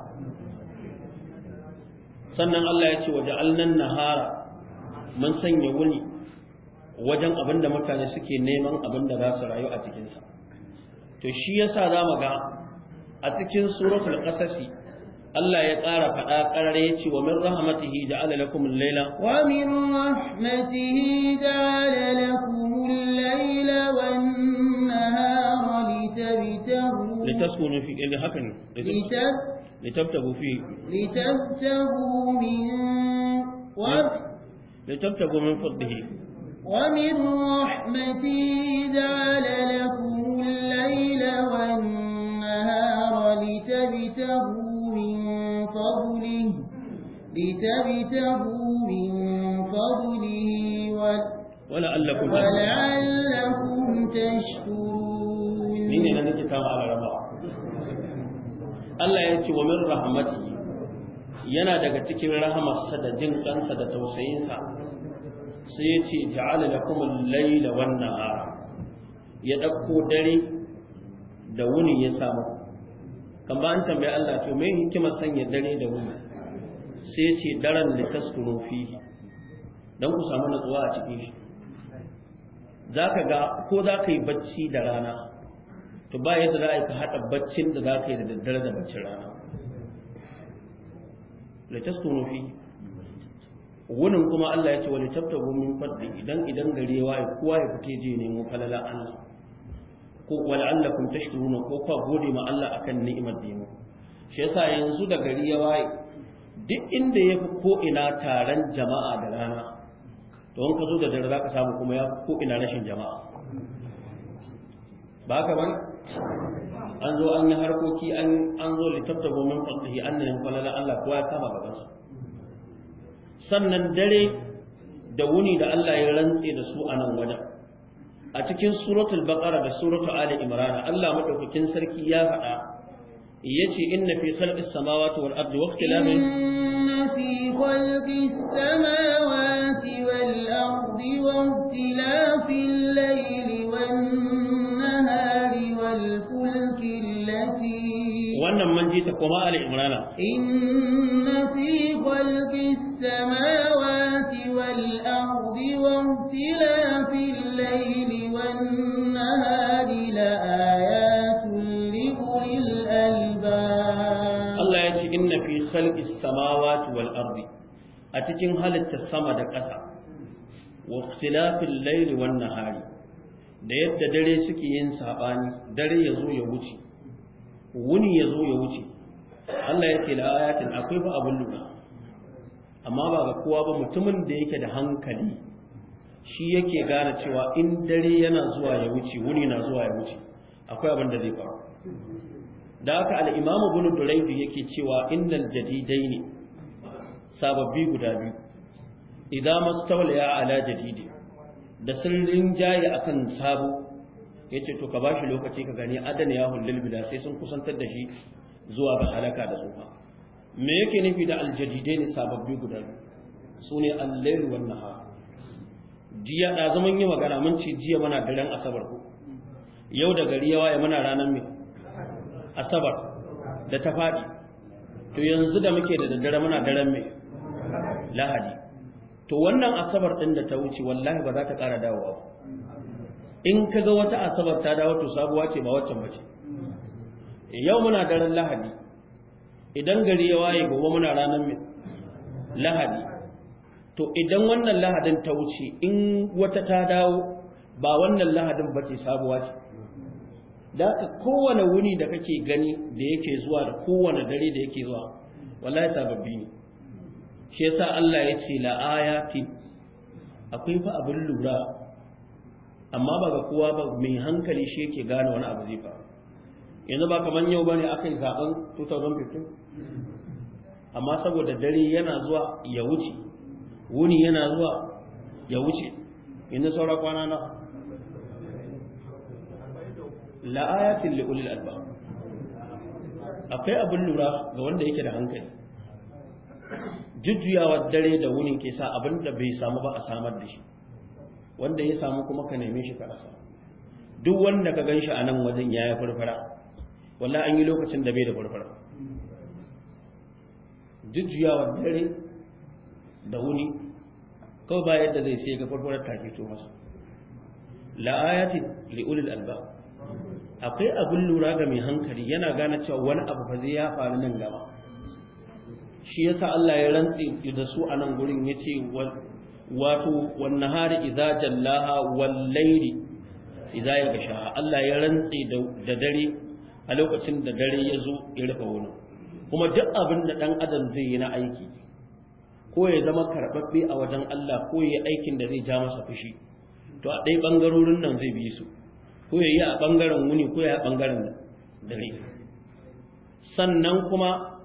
sannan Allah ya ce waje annan nahara mun sanya wuni wajen abin da mutane suke neman abin da za su rayu a cikinsa to shi yasa za mu ga a cikin suratul qasasi Allah ya ƙara faɗa ƙarar ya ce wa min rahmatihi ja'ala lakum al-laila wa min rahmatihi ja'ala lakum al-laila wan-nahara litabtahu litaskunu fi illi hakan litabtahu fi litabtahu min wa litabtahu min fadlihi ومن رحمته جعل لكم الليل والنهار لتبتغوا من فضله لتبتغوا من فضله ولعلكم تشكرون ni ne na nake kama a laraba Allah ya ce wa min yana daga cikin rahamarsa da jin kansa da tausayinsa sai ya ce ja'ala lakum al-layla wan nahara ya dauko dare da wuni ya samu kan ba an tambayi Allah to me hikimar sanya dare da wuni sai ce daren da taskuro fi dan ku samu natsuwa a cikin shi zaka ga ko za ka yi bacci da rana to ba yadda za a yi ka haɗa baccin da za ka yi da daddare da baccin rana la taskuro fi wunin kuma Allah ya ce wani tabtabu min fadli idan idan gari ya waye kowa ya fite je nemo falala Allah ko wal'allakum tashkuruna ko kwa gode ma Allah akan ni'imar da ya shi yasa yanzu da gari ya waye duk inda ya fi ko ina taron jama'a da rana to in ka zo da dare zaka samu kuma ya fi ko ina rashin jama'a ba ka bari an zo an yi harkoki an an zo litattabo min fadlihi annan kwalala Allah kowa ya kama gaban sa sannan dare da wuni da Allah ya rantse da su a nan wajen a cikin suratul baqara da suratul ali imran Allah madaukakin sarki ya faɗa yace inna fi khalqis samawati wal ardi wa ikhtilafin inna fi khalqis samawati wal ardi wa ikhtilafi al layli wan nahari wal fulki allati wannan man ji ta kuma ali imran inna fi khalqis samawati wal ardi wa ikhtilafi al layli والنهار لآيات لأولي الألباب الله يجي إن في خلق السماوات والأرض أتكين هل التسمى دكسا واختلاف الليل والنهار da yadda dare suke yin saɓani dare ya zo ya wuce wuni ya zo ya wuce Allah ya ce da ayatin akwai ba abin lura amma ba ga kowa ba mutumin da yake da hankali shi yake gane cewa in dare yana zuwa ya wuce wuni na zuwa ya wuce akwai abin da zai faru da haka al-imam ibn duraydi yake cewa innal jadidaini sababbi guda biyu idza mastawliya ala jadidi da sirrin jayi akan sabo yace to ka bashi lokaci ka gani adana ya hulul bida sai sun kusantar da shi zuwa ga halaka da tsufa me yake nufi da ne sababbi guda biyu sune al-layl wan nahar jiya da zaman yi magana mun ce jiya muna daren asabar ku. yau da gari yawa ya muna ranar mai asabar da ta faɗi to yanzu da muke da daddare muna daren mai lahadi to wannan asabar ɗin da ta wuce wallahi ba za ta ƙara dawowa in ka ga wata asabar ta dawo to sabuwa ce ba waccan ba ce yau muna daren lahadi idan gari ya waye gobe muna ranar mai lahadi to idan wannan lahadin ta wuce in wata ta dawo ba wannan lahadin ba ce sabuwa ce da ka kowane wuni da kake gani da yake zuwa da kowane dare da yake zuwa wallahi sababbi ne shi yasa Allah ya ce la ayati akwai fa abin lura amma ba ga kowa ba mai hankali shi yake gane wani abu zai faru yanzu ba kamar yau bane aka yi zaben 2015 amma saboda dare yana zuwa ya wuce wuni yana zuwa ya wuce inda saura kwana na la'ayatin li'ulil alba akwai abin lura ga wanda yake da hankali jujjuyawa dare da wunin ke sa abin da bai samu ba a samar da shi wanda ya samu kuma ka neme shi ka rasa duk wanda ka gan shi a nan wajen ya yi farfara wanda an yi lokacin da bai da farfara jujjuyawa dare da wuni kawai ba yadda zai sai ga farfarar ta fito masa la'ayati li'ulil alba akwai abin lura ga mai hankali yana gane cewa wani abu fa zai ya faru nan gaba shi yasa Allah ya rantsi da su a nan gurin yace wato wan nahari idza jallaha wal layli idza sha'a. Allah ya rantsi da dare a lokacin da dare ya zo ya rufe wani kuma duk abin da dan adam zai yi na aiki ko ya zama karɓaɓɓe a wajen Allah ko ya yi aikin da zai ja masa fushi to a ɗaya ɓangarorin nan zai bi su ko ya yi a ɓangaren wuni ko ya yi a ɓangaren dare sannan kuma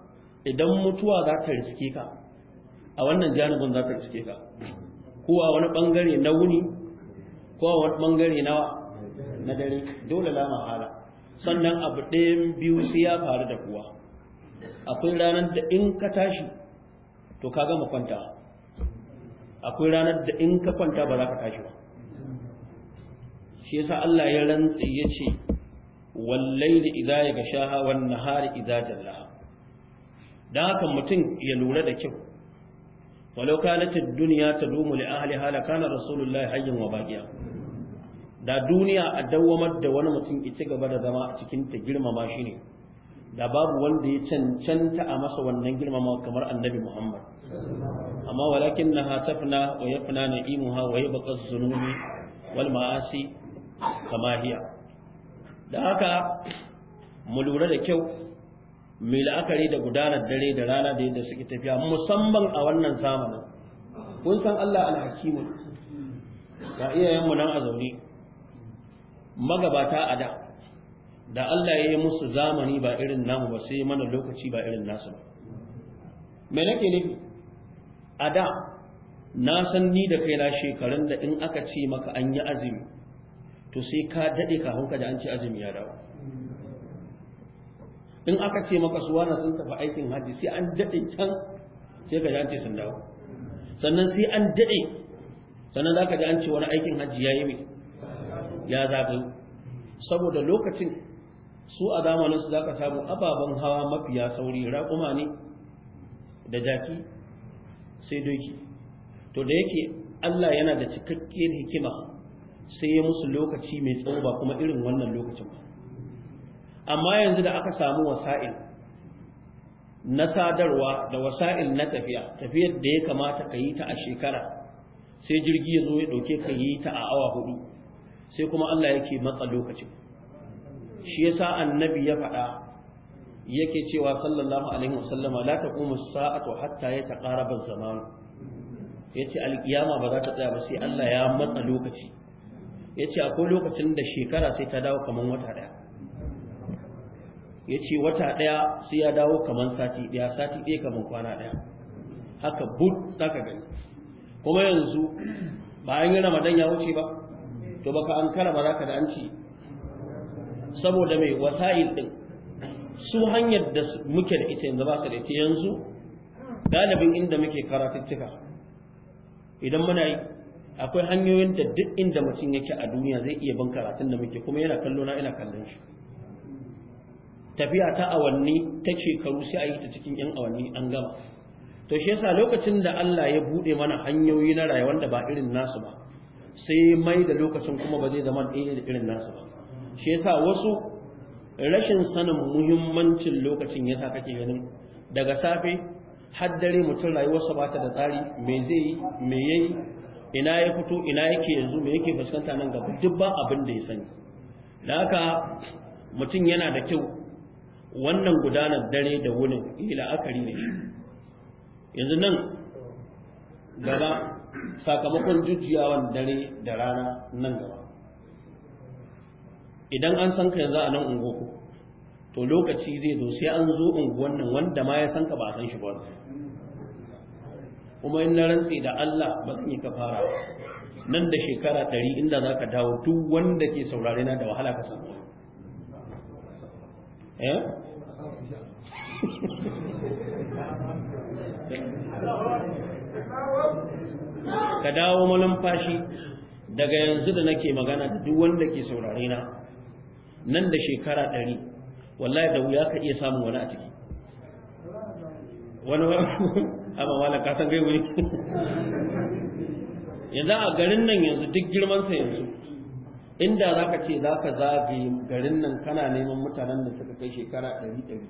idan mutuwa za ta riske ka a wannan janibin za ta riske ka ko a wani ɓangare na wuni ko a wani ɓangare na na dare dole la mahala sannan abu ɗayan biyu sai ya faru da kuwa akwai ranar da in ka tashi to ka gama kwanta akwai ranar da in ka kwanta ba za ka tashi ba shi yasa Allah ya rantsi ya ce wallaili idza yaghshaha wan nahari idza jalla dan haka mutum ya lura da kyau walau kanat ad-dunya tadumu li ahli hala kana rasulullahi hayyan wa baqiya da duniya a dawwamar da wani mutum ya ci gaba da zama a cikin ta girmama shi ne da babu wanda ya cancanta a masa wannan girmama kamar annabi Muhammad amma walakin na hatafna wa yafna na'imuha wa yabqa zunubi wal ma'asi kama hiya da haka mu lura da kyau mai la'akari da gudanar dare da rana da yadda suke tafiya musamman a wannan zamanin kun san Allah alhakimu ga mu nan a zaune magabata a da da Allah ya yi musu zamani ba irin namu ba sai mana lokaci ba irin nasu ba me nake nufi a da na san ni da kaina shekarun da in aka ce maka an yi azumi to sai ka daɗe ka hanka da an ce azumi ya dawo in aka ce maka su wani sun tafi aikin hajji sai an daɗe can sai ka ji an ce sun dawo sannan sai an daɗe sannan za ka ji an ce wani aikin hajji ya yi mai ya zagayo saboda lokacin su a zamanin su zaka samu ababen hawa mafiya sauri raƙuma ne da jaki sai doki to da yake Allah yana da cikakkiyar hikima sai ya musu lokaci mai tsawo ba kuma irin wannan lokacin ba amma yanzu da aka samu wasa'il na sadarwa da wasa'il na tafiya tafiyar da ya kamata ka yi ta a shekara sai jirgi ya zo ya ɗauke ka yi ta a awa hudu sai kuma Allah yake matsa lokacin shi yasa annabi ya faɗa yake cewa sallallahu alaihi wasallama la taqumu sa'atu hatta yataqaraba az-zaman yace alqiyama ba za ta tsaya ba sai Allah ya matsa lokaci yace akwai lokacin da shekara sai ta dawo kaman wata daya yace wata daya sai ya dawo kaman sati daya sati daya kaman kwana daya haka but zaka gani kuma yanzu bayan Ramadan ya wuce ba to baka an kara ba zaka da an ci saboda mai wasa'il din su hanyar da muke da ita yanzu ba su da ita yanzu galibin inda muke karatuttuka idan muna yi akwai hanyoyin da duk inda mutum yake a duniya zai iya ban karatun da muke kuma yana kallo na ina kallon shi tafiya ta awanni ta shekaru sai a yi ta cikin yan awanni an gama to shi yasa lokacin da Allah ya bude mana hanyoyi na rayuwa da ba irin nasu ba sai mai da lokacin kuma ba zai zama ɗaya da irin nasu ba shi yasa wasu rashin sanin muhimmancin lokacin yasa kake ganin daga safe har dare mutum rayuwarsa ba ta da tsari me zai yi me yayi ina ya fito ina yake yanzu me yake fuskanta nan gaba duk ba abin da ya sani da haka mutum yana da kyau wannan gudanar dare da wuni ila la'akari ne yanzu nan gaba sakamakon jujjuyawan dare da rana nan gaba idan an san ka yanzu a nan unguwa to lokaci zai zo sai an zo unguwan nan wanda ma ya san ka ba san shi ba kuma in na rantsi da Allah ba zan yi ka fara nan da shekara ɗari inda za ka dawo duk wanda ke saurare na da wahala ka eh ka dawo malumfashi daga yanzu da nake magana da duk wanda ke saurare na nan da shekara ɗari wallahi da wuya ka iya samun wani a ciki wani wani amma wala ka san gai wuri yanzu a garin nan yanzu duk girman sa yanzu inda za ka ce za ka zagaye garin nan kana neman mutanen da suka kai shekara ɗari ɗari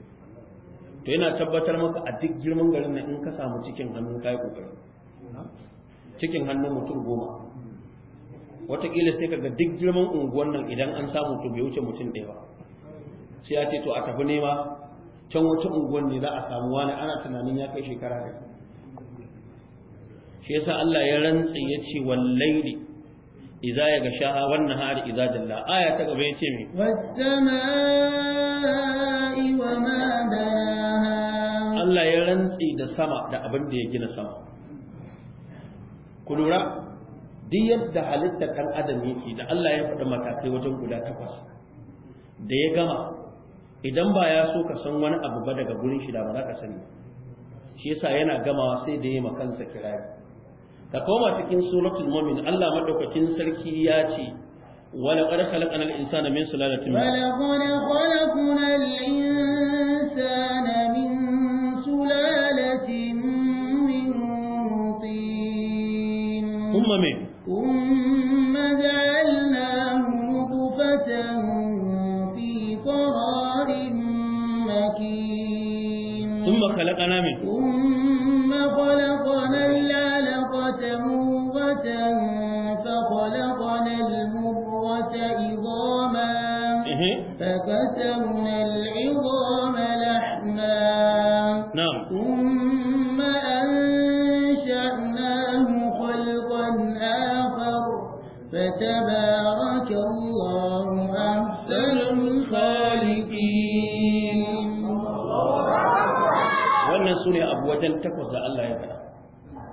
to yana tabbatar maka a duk girman garin nan in ka samu cikin hannun kayi kokari cikin hannun mutum goma watakila sai kaga duk girman unguwan nan idan an samu to bai wuce mutum ɗaya ba sai ya ce to a tafi nema can wata unguwan ne za a samu wani ana tunanin ya kai shekara da shi yasa Allah ya rantsi ya ce wallaili idza ya ga shaha wannan hari idza dalla aya ta gaba yace me wasama'i wa ma Allah ya rantsi da sama da abin da ya gina sama ku lura duk yadda halitta ɗan adam yake da Allah ya faɗi matakai wajen guda takwas da ya gama idan ba ya so ka san wani abu ba daga gurin shi da ba za ka sani shi yasa yana gamawa sai da ya kansa kirari ka koma cikin suratul mu'min Allah madaukakin sarki ya ce ولقد خلقنا الإنسان من سلالة ولقد خلقنا الإنسان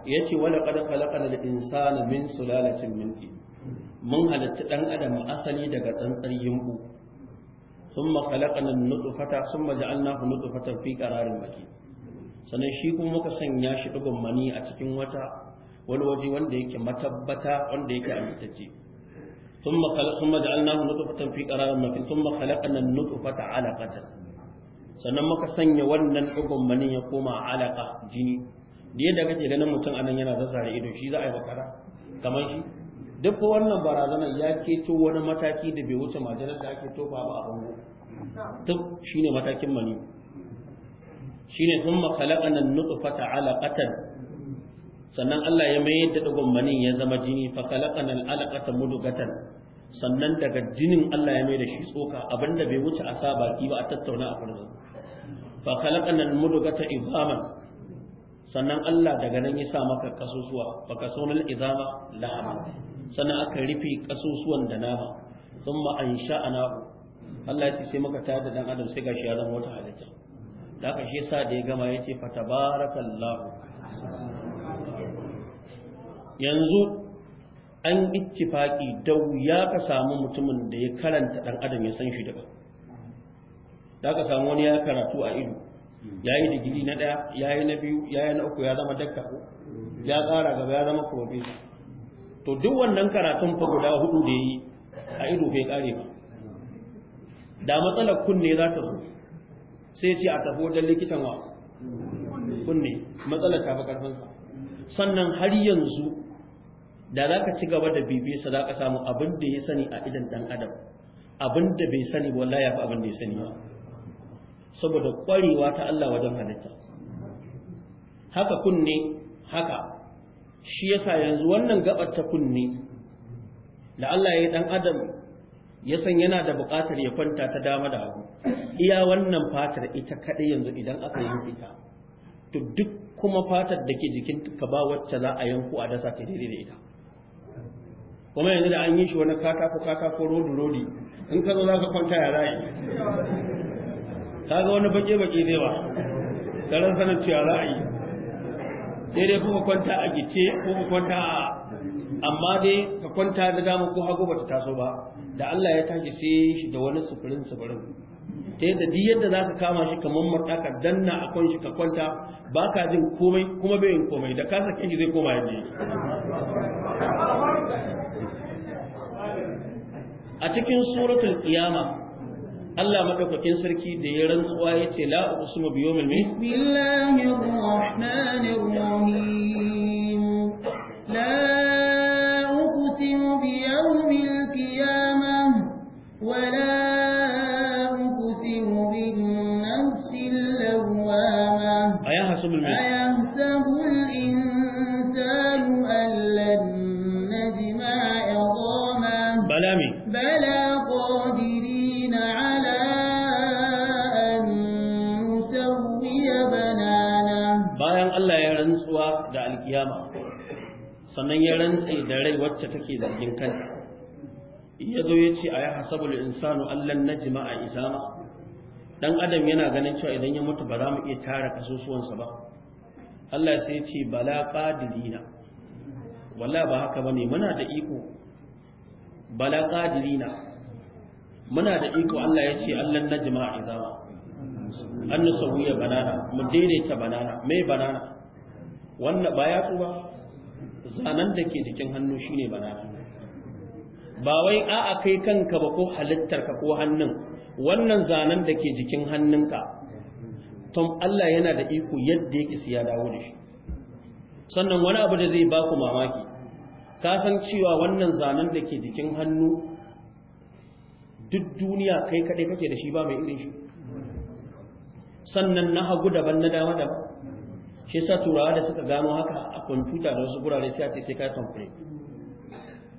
yace wala qad khalaqana al-insana min sulalatin min tin mun halitta dan adam asali daga tsantsar yimbu thumma khalaqana an-nutfata thumma ja'alnahu nutfatan fi qararin baki. sannan shi kuma muka sanya shi dugun mani a cikin wata wani waje wanda yake matabbata wanda yake amintacce ثم خلق ثم fi ƙararin baki. Sun مكين ثم خلقنا النطفة علقة sannan muka sanya wannan ɗigon mani ya koma alaƙa jini da yadda kake ganin mutum anan yana zazzare ido shi za a yi makara kamar shi duk wannan barazanar ya keto wani mataki da bai wuce majalar da ake tofa ba a bango duk shine matakin mani shine thumma khalaqana an-nutfata 'alaqatan sannan Allah ya mayar da dagon manin ya zama jini fa khalaqana al-'alaqata mudghatan sannan daga jinin Allah ya mai da shi tsoka abinda bai wuce a sa baki ba a tattauna a kurmi fa khalaqana al in idhaman sannan Allah daga nan ya sa maka kasusuwa ba ka so ba? izama lahama sannan aka rufe kasusuwan da nama sun a naku. Allah ya ce sai maka tada dan adam sai gashi ya zama wata halitta da aka shi sa da ya gama ya ce fatabarakallahu yanzu an ittifaki da ya ka samu mutumin da ya karanta dan adam ya san shi daban da ka samu wani ya karatu a ido ya yi digiri na ɗaya ya yi na biyu ya yi na uku ya zama dakta ya tsara gaba ya zama profesa to duk wannan karatun fa guda hudu da yi a ido bai kare ba da matsalar kunne za ta zo sai ce a tafi wajen likitan wa kunne matsalar ta fi karfinsa sannan har yanzu da za ka ci gaba da bibiyarsa za ka samu abin da ya sani a idan dan adam abin da bai sani wallahi ya fi abin da ya sani ba saboda kwarewa ta Allah wajen halitta haka kunne haka shi yasa yanzu wannan gabar ta kunne da Allah ya yi ɗan adam ya san yana da buƙatar ya kwanta ta dama da hagu iya wannan fatar ita kaɗai yanzu idan aka yi ita to duk kuma fatar da ke jikin ka ba wacce za a yanku a dasa ta daidai da ita kuma yanzu da an yi shi wani katako katako rodi rodi in ka zo za ka kwanta ya rayu kaga wani bake bake zai ba karan sanar cewa za a yi sai dai kuma kwanta a gice ko kuma kwanta a amma dai ka kwanta da dama ko hagu bata taso ba da Allah ya tashi sai shi da wani sufurin sufurin ta yadda duk yadda za ka kama shi kamar marɗa ka danna a kan shi ka kwanta ba ka jin komai kuma bai yin komai da ka sake shi zai koma yaje a cikin suratul qiyamah Allah madaukakin sarki da ya rantsuwa ya ce la uqsimu bi yawmil bismillahir rahmanir rahim la uqsimu bi yawmil qiyamah wa la uqsimu bin nafsil lawwamah ayahsabul ayahsabul sannan ya rantse da rai wacce take zargin kanta ya zo ya ce a yi hasabul insanu allan na jima'a izama dan adam yana ganin cewa idan ya mutu ba za mu iya tara kasusuwansa ba Allah sai ya ce bala qadirina Wala ba haka bane muna da iko bala qadirina muna da iko Allah ya ce allan na jima'a izama an nasahu banana mu daidaita banana Mai banana wannan ba ya ba zanen da ke jikin hannu shine bana ba wai a'a kai kanka ba ko halittarka ko hannun wannan zanen da ke jikin hannunka tom Allah yana da iko yadda yake siya dawo da shi sannan wani abu da zai ba ku mamaki ka san cewa wannan zanen da ke jikin hannu duk duniya kai kaɗai kake da shi ba mai irin shi sannan na hagu daban na dama daban shi sa turawa da suka gano haka a kwamfuta da wasu gurare sai a ce sai ka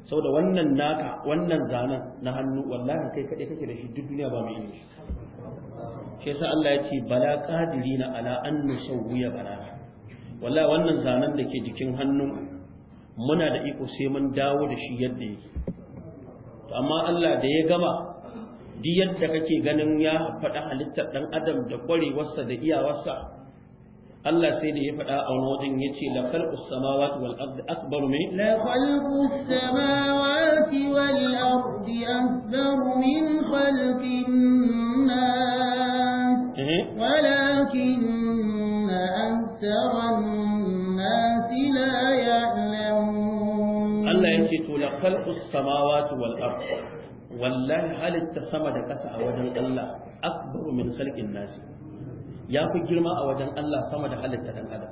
Sau da wannan naka wannan zanen na hannu wallahi kai kaɗai kake da shi duk duniya ba mai yi shi shi Allah ya ce bala na ala an ya bala wallahi wannan zanen da ke jikin hannu muna da iko sai mun dawo da shi yadda yake amma Allah da ya gama duk yadda kake ganin ya faɗa halittar ɗan adam da ƙwarewarsa da iyawarsa Allah sai da ya faɗa a wani wajen ya ce la khalqu samawati wal ardi akbar min la khalqu samawati wal ardi akbar min khalqin nas walakin akthar an-nas la ya'lamun Allah yake to la khalqu samawati wal ardi wallahi halitta sama da ƙasa a wajen Allah akbar min khalqin nas ya fi girma a wajen Allah sama da halitta dan adam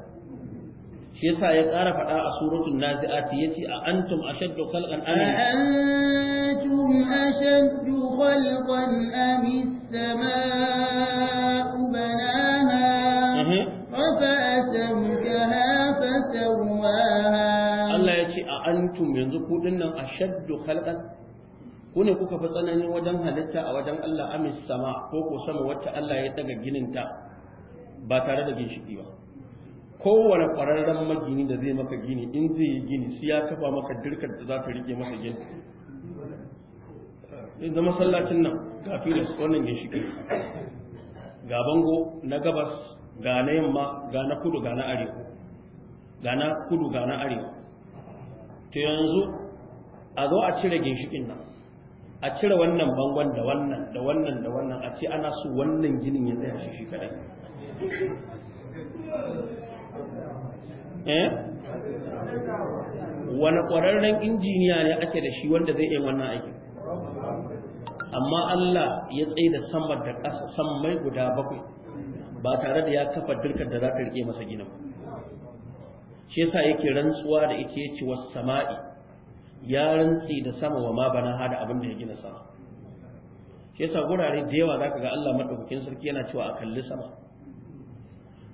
shi yasa ya ƙara faɗa a suratul nazi'ati yace a antum ashaddu khalqan am antum ashaddu khalqan am as-samaa'u banaha mhm. rafa'atamkaha fasawwaha Allah yace a antum yanzu ku dinnan ashaddu khalqan ku ne kuka fi tsananin wajen halitta a wajen Allah amis sama ko ko sama wacce Allah ya daga gininta ba tare da ginshiki ba kowane ƙwararren magini da zai maka gini in zai yi gini sai ya kafa maka dirkar da za ta rike maka gini In zama sallacin nan ga filis wannan ginshiki ga bango na gabas ga na yamma ga na kudu ga na arewa ga na kudu ga na arewa to yanzu a zo a cire ginshikin nan a cire wannan bangon da wannan da wannan da wannan a ce ana so wannan ginin ya tsaya shi kadai Eh? wani ƙwararren injiniya ne ake da shi wanda zai yi wannan aikin amma Allah ya tsaye da samar da ƙasa samar guda bakwai ba tare da ya kafa dirkar da za ta rike masa gina shi yasa yake rantsuwa da ita yace was sama'i ya rantsi da sama wa ma bana hada abin da ya gina sama shi yasa gurare da yawa zaka ga Allah madaukakin sarki yana cewa a kalli sama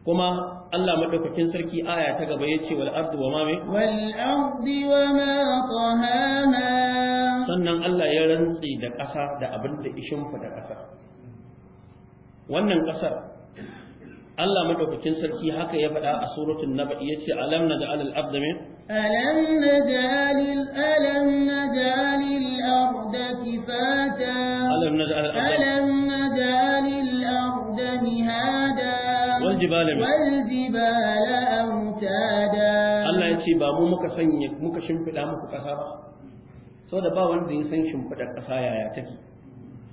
kuma Allah madaukakin sarki aya ta gaba ya ce, ardi wa ma me wal ardi wa ma tahaha sannan Allah ya rantsi da ƙasa da abin da ishin da ƙasa wannan ƙasar Allah madaukakin sarki haka ya faɗa a suratul nabi yace alam naj'al al ardi min alam naj'al alam naj'al al arda kifata alam naj'al al arda alam naj'al al arda mihana والجبال والجبال أوتادا الله يتي بابو مكا muka shimfiɗa muku ƙasa ba, سو da ba wanda ya san shimfiɗar ƙasa yaya take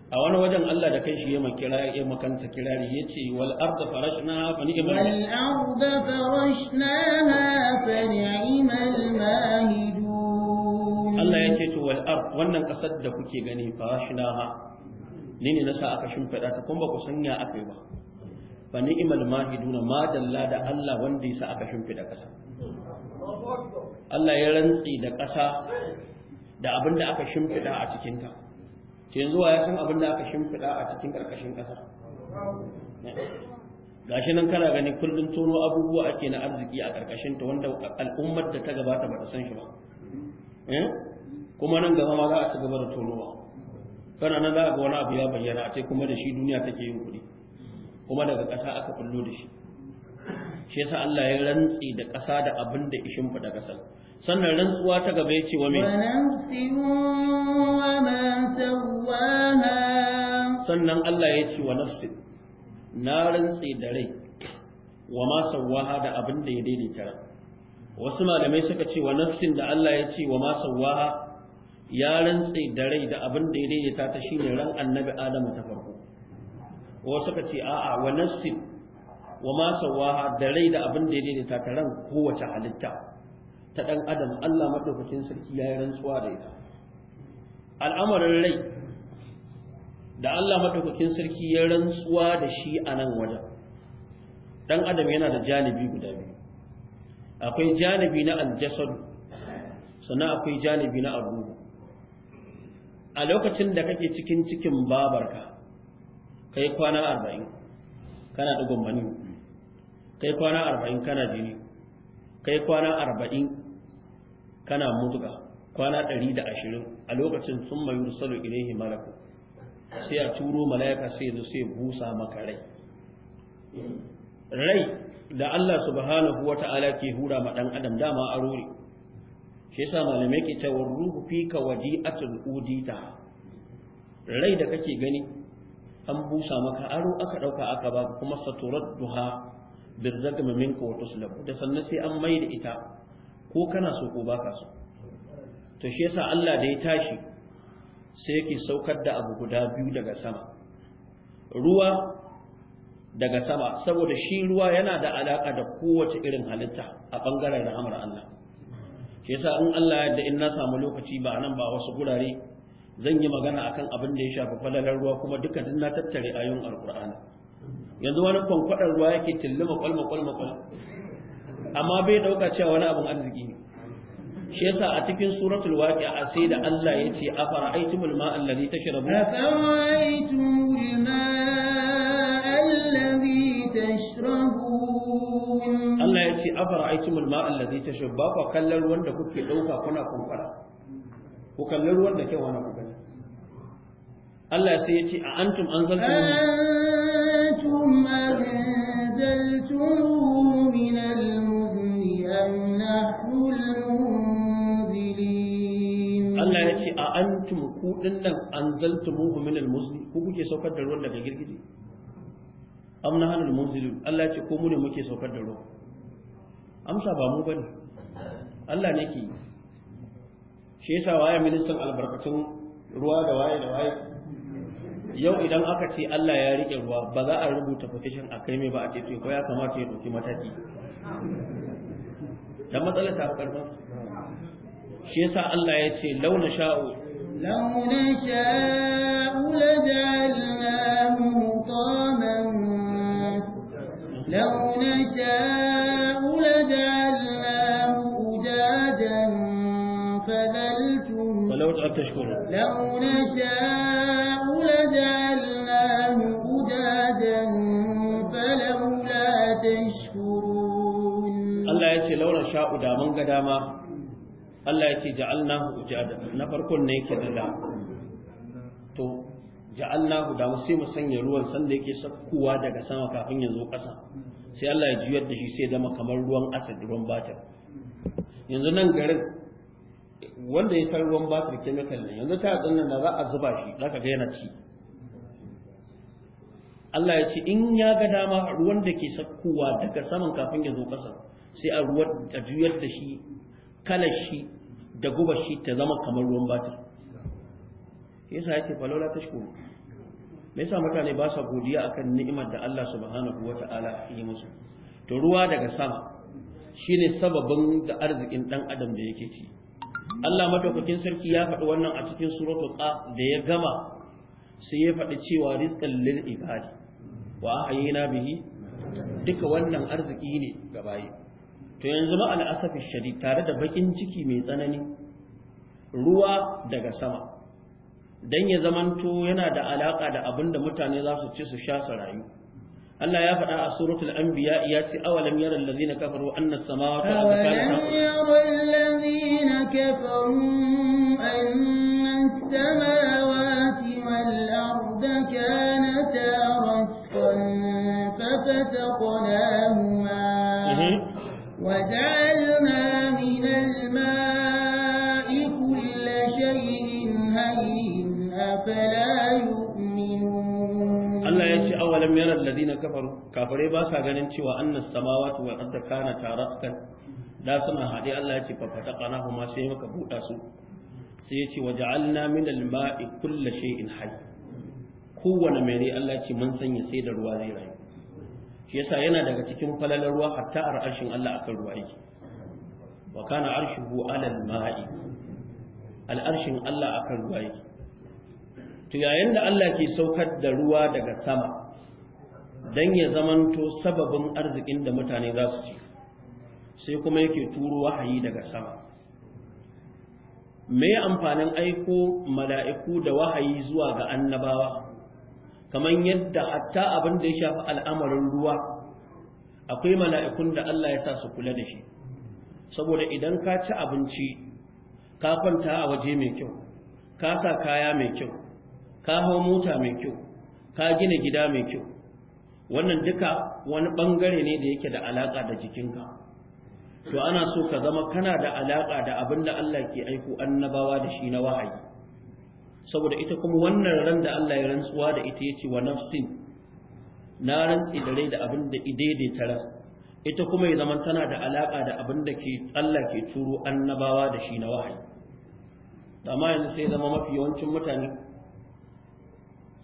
a wani wajen Allah da kai shi ya makira ya makanta kirari ya ce wal arda farashnaha fa ni'mal wal arda farashnaha fa ni'mal mahidun Allah ya ce to wal ard wannan ƙasar da kuke gani farashnaha ni ne nasa aka shimfiɗa ta kuma ba ku sanya akai ba fa ni'mal mahiduna ma dalla da Allah wanda ya sa aka shimfida ƙasa Allah ya rantsi da ƙasa da abin da aka shimfida a cikin ta ke zuwa ya san abin da aka shimfida a cikin ƙarƙashin ƙasa gashi nan kana gani kullum tono abubuwa ake na arziki a ƙarƙashin ta wanda al'ummar da ta gabata ba ta san shi ba eh? kuma nan gaba ma za a ci gaba da tonowa kana nan za a ga wani abu ya bayyana a ce kuma da shi duniya take yin kuɗi kuma daga ƙasa aka kullo da shi shi yasa Allah ya rantsi da ƙasa da abin da ishin daga sal sannan rantsuwa ta gaba ya ce wa me sannan Allah ya ce wa nafsin na rantsi da rai wa ma sawwaha da abin da ya daidaita ran wasu malamai suka ce wa nafsin da Allah ya ce wa ma sawwaha ya rantsi da rai da abin da ya daidaita ta shine ran annabi Adamu ta wa suka ce a'a wa nafsin wa ma sawaha da rai da abin da ya daidaita ta ran kowace halitta ta dan adam Allah madaukakin sarki ya yi rantsuwa da ita al'amarin rai da Allah madaukakin sarki ya rantsuwa da shi a nan wajen dan adam yana da janibi guda biyu akwai janibi na aljasad sannan akwai janibi na abu a lokacin da kake cikin cikin babarka kai kwana arba'in kana ɗigon mani kai kwana arba'in kana jini kai kwana arba'in kana mutuka kwana ɗari da ashirin a lokacin sun mayu da salo ilaihi malaku sai a turo mala'ika sai zo sai busa maka rai rai da Allah subhanahu wa ta'ala ke hura ma ɗan adam dama a rori shi yasa malamai ke cewa ruhu fika waji'atul udita rai da kake gani an busa maka aro aka ɗauka aka ba kuma saturar duha birragama minka wa tuslabu da sannan sai an mai da ita ko kana so ko baka so to shi yasa Allah da ya tashi sai yake saukar da abu guda biyu daga sama ruwa daga sama saboda shi ruwa yana da alaka da kowace irin halitta a bangaren rahamar Allah shi yasa in Allah ya da in na samu lokaci ba nan ba wasu gurare zan yi magana akan abin da ya shafi falalar ruwa kuma duka duk na tattare ayoyin alqur'ani yanzu wani kwankwadar ruwa yake tillima kwalma kwalma kwalma amma bai dauka cewa wani abin arziki ne shi yasa a cikin suratul waqi'a sai da Allah ya ce afara'aytumul ma'a allazi tashrabu afara'aytumul ma'a allazi tashrabun Allah ya ce afara'aytumul ma'a allazi tashrab ba ku kallon ruwan da kuke dauka kuna kunkura ku kallon ruwan da ke wani ku Allah sai ya ce a antum mu antum zaltu min al-muzni am nahnu al Allah ya ce a antum ku dinnan anzaltumuhu min al-muzni ku kuke saukar da ruwan daga girgije am nahnu al-munzilin Allah ya ce ko mu ne muke saukar da ruwan amsa ba mu bane Allah ne ke shi yasa waye ministan albarkatun ruwa da waye da waye yau idan aka ce Allah ya rike ruwa ba za a rubuta petition a kai mai ba a ce ko ya kamata ya dauki mataki dan matsalar ta karfin shi yasa Allah ya ce launa sha'u launa sha'u لو نشاء لجعلناه مقاما لو نشاء لجعلناه أجاجا فذلتم فلو تشكرون launa sha'u لجعلناه أجاجا فلولا تشكرون الله يتي لولا شاء دامن قداما Allah ya ce ja’alna hujjada na farkon ne yake da to ja’alna hujjada sai mu sanya ruwan sanda yake sakkuwa daga sama kafin ya zo ƙasa sai Allah ya juyar da shi sai zama kamar ruwan asad ruwan batar yanzu nan garin wanda ya san ruwan batir chemical ne yanzu ta tsannan da za a zuba shi za ka ga yana ci Allah ya ce in ya ga dama ruwan da ke sakkowa daga saman kafin ya zo ƙasa sai a ruwa a juyar da shi kalar shi da guba shi ta zama kamar ruwan batir yasa yake falola ta shi me yasa mutane ba sa godiya akan ni'imar da Allah subhanahu wata'ala ya musu to ruwa daga sama shine sababin da arzikin dan adam da yake ci Allah madaukakin sarki ya faɗi wannan a cikin suratu qa da ya gama sai ya faɗi cewa rizqan lil ibadi wa ayyana bihi duka wannan arziki ne ga bayi to yanzu ma al asafi shadid tare da bakin ciki mai tsanani ruwa daga sama dan ya zamanto yana da alaka da abinda mutane za su ci su sha su rayu Allah ya faɗa a suratul anbiya ya ce awalam yara allazina kafaru anna samawati awalam yara allazina kafaru anna samawati wal arda kanata ratqan fafataqnahuma وجعلنا من الماء كل شيء هين أفلا يؤمنون الله يجي أولم يرى kafaru kafare ba sa ganin cewa annas samawati wal arda kana taratan da suna hade Allah ya ce fa fataqana huma sai muka buɗa su sai ya ce waja'alna min al-ma'i kulli shay'in hayy kowane mai rai Allah ce mun sanya sai da ruwa zai rayu shi yasa yana daga cikin falalar ruwa hatta arshin Allah akan ruwa yake wa kana arshuhu 'ala al-ma'i al'arshin Allah akan ruwa yake to yayin da Allah ke saukar da ruwa daga sama don ya zamanto sababin arzikin da mutane za su ci sai kuma yake turo wahayi daga sama me amfanin aiko mala'iku da wahayi zuwa ga annabawa kamar yadda hatta abin da ya shafi al'amarin ruwa akwai mala'ikun da Allah ya sa su kula da shi saboda idan ka ci abinci ka kwanta a waje mai kyau ka sa kaya mai kyau ka hau mota mai kyau ka gina gida mai kyau wannan duka wani bangare ne da yake da alaka da jikinka to ana so ka zama kana da alaka da abin da Allah ke aiko annabawa da shi na wahayi saboda ita kuma wannan ran da Allah ya rantsuwa da ita yace wa nafsin na rantsi da rai da abin da idaidaita ran ita kuma ya zama tana da alaka da abin da ke Allah ke turo annabawa da shi na wahayi amma yanzu sai zama mafi yawancin mutane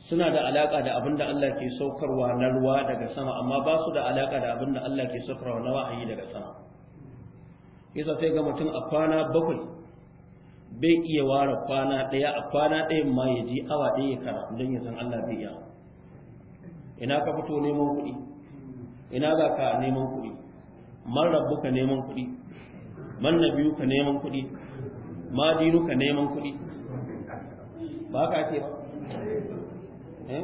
suna da alaka da abin da Allah ke saukarwa na ruwa daga sama amma ba su da alaka da abin da Allah ke saukarwa na wahayi daga sama yasa sai ga mutum a kwana bakwai bai iya ware kwana ɗaya a kwana ɗayan ma ya ji awa ɗaya ya karatu don ya san Allah bai iya ina ka fito neman kuɗi ina za ka neman kuɗi man rabbu ka neman kuɗi man na biyu ka neman kuɗi ma dinu ka neman kuɗi ba ka ce ba Eh?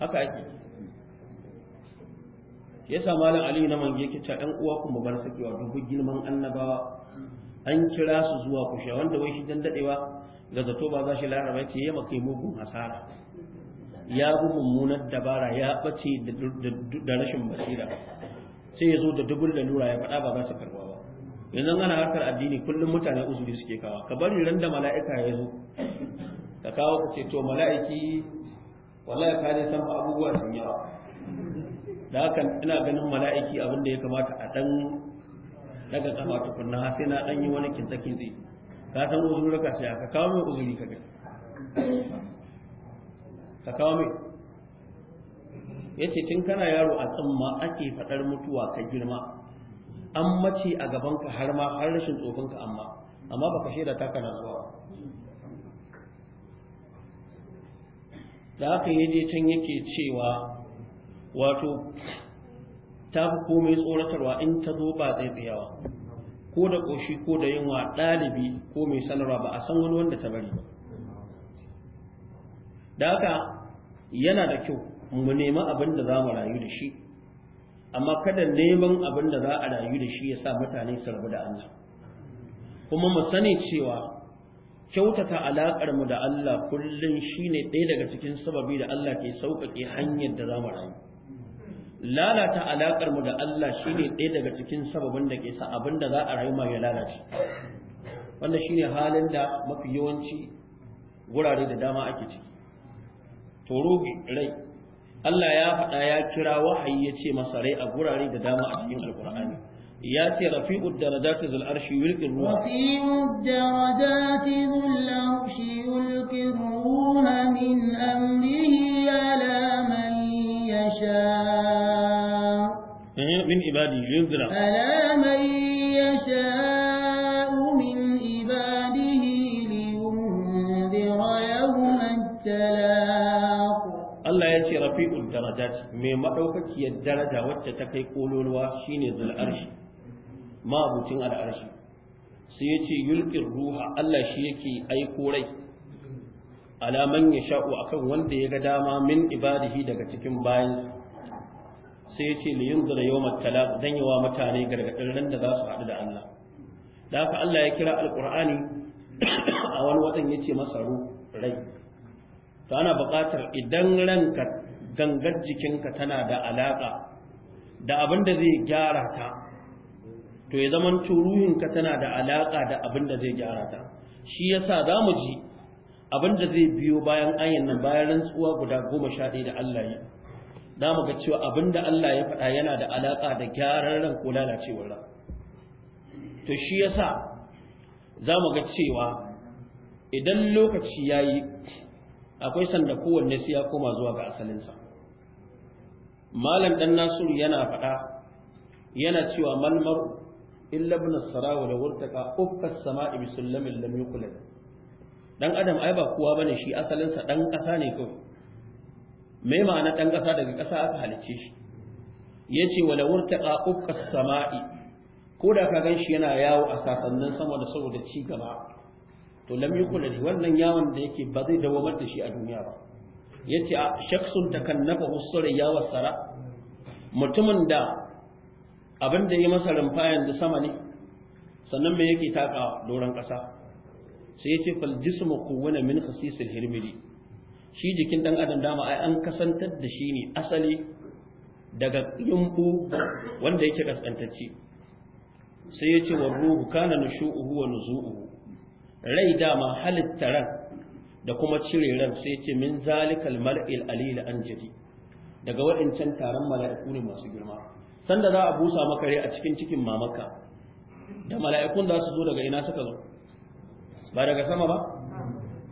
haka ake yasa malam ali na mange kicca ɗan uwa kuma bar wa dubu girman annabawa an kira su zuwa kusha wanda wai shi dan dadewa ga zato ba za shi laraba ce ya makai mugun hasara ya bi mummunar dabara ya ɓace da rashin basira sai ya zo da dubul da lura ya faɗa ba za su karɓa yanzu ana harkar addini kullum mutane uzuri suke kawa ka bari ran da mala'ika ya zo ka kawo ka ce to mala'iki wallahi ka ne san abubuwa sun yawa da haka ina ganin mala'iki abin da ya kamata a dan daga kafa tukunna har sai na dan yi wani kintakin zai ka san uzuri raka sai ka kawo mai uzuri ka gani ka kawo mai yace tun kana yaro a tsamma ake fadar mutuwa ka girma an mace a gabanka har ma har rashin tsofinka amma amma baka shaida ta kana zuwa da aka yi je can yake cewa wato ta fi komai tsoratarwa in ta zo ba yawa, ko da ƙoshi ko da yunwa ɗalibi ko mai sanarwa ba a san wani wanda ta bari ba da haka yana da kyau mu nema abin da za mu rayu da shi amma kada neman abin da za a rayu da shi ya sa mutane su rabu da Allah kuma mu sani cewa kyautata alaƙar mu da Allah kullum shine ɗaya daga cikin sababi da Allah ke sauƙaƙe hanyar da za mu rayu lalata alaƙar mu da Allah shine ɗaya daga cikin sababin da ke sa abin da za a rayu ma ya lalace wannan shine halin da mafi yawanci wurare da dama ake ciki to rai Allah ya faɗa ya kira wahayi ya ce masa rai a gurare da dama a cikin alkur'ani ya ce rafi'ud darajati zul arshi yulqi ruha rafi'ud darajati zul arshi yulqi ruha min amrihi ala man yasha min ibadi yunzira ala man yasha Allah ya ce rafi'ul darajat mai madaukakiyar daraja wacce ta kai kololuwa shine zul arshi ma abucin al arshi sai yace yulqir ruha Allah shi yake aiko rai ala man yasha'u akan wanda ya ga dama min ibadihi daga cikin bayansa sai yace li yunzira yawmat talaq dan yawa mutane gargadin ran da za su haɗu da Allah da haka Allah ya kira alqur'ani a wani watan yace masa rai to ana buƙatar idan ranka gangar jikinka tana da alaƙa da abin da zai gyara ta to ya zaman ruhinka tana da alaƙa da abin da zai gyara ta shi yasa za mu ji abin da zai biyo bayan ayin nan bayan rantsuwa guda goma sha ɗaya da Allah yi za mu ga cewa abin da Allah ya faɗa yana da alaƙa da gyaran ran ko lalacewar ran to shi yasa za mu ga cewa idan lokaci ya yi akwai sanda kowanne sai ya koma zuwa ga asalinsa malam dan nasiru yana faɗa yana cewa malmar illa ibn sarawa da wurtaka ukkas sama'i bisallamin lam yuqlad dan adam ai ba kowa bane shi asalinsa dan ƙasa ne kawai me ma'ana dan ƙasa daga ƙasa aka halicce shi yace wala wurtaka ukkas sama'i ko da ka gan shi yana yawo a sasannin sama da saboda ci gaba to lam yukhlad wannan yawon da yake ba zai dawamar da shi a duniya ba yace a shakhsun takannafa usra ya wasara mutumin da abin da ya masa rumfa yanzu sama ne sannan me yake taka doron kasa sai yace fal jismu kuwana min khasisil hirmidi shi jikin dan adam dama ai an kasantar da shi ne asali daga yumbu wanda yake kaskantacce sai yace wa ruhu kana nushu'uhu wa nuzu'uhu rai dama halitta ran da kuma cire ran sai ce min zalikal mar'il alil an jadi daga waɗancan taron mala'iku ne masu girma sanda za a busa maka rai a cikin cikin mamaka da mala'ikun za su zo daga ina suka zo ba daga sama ba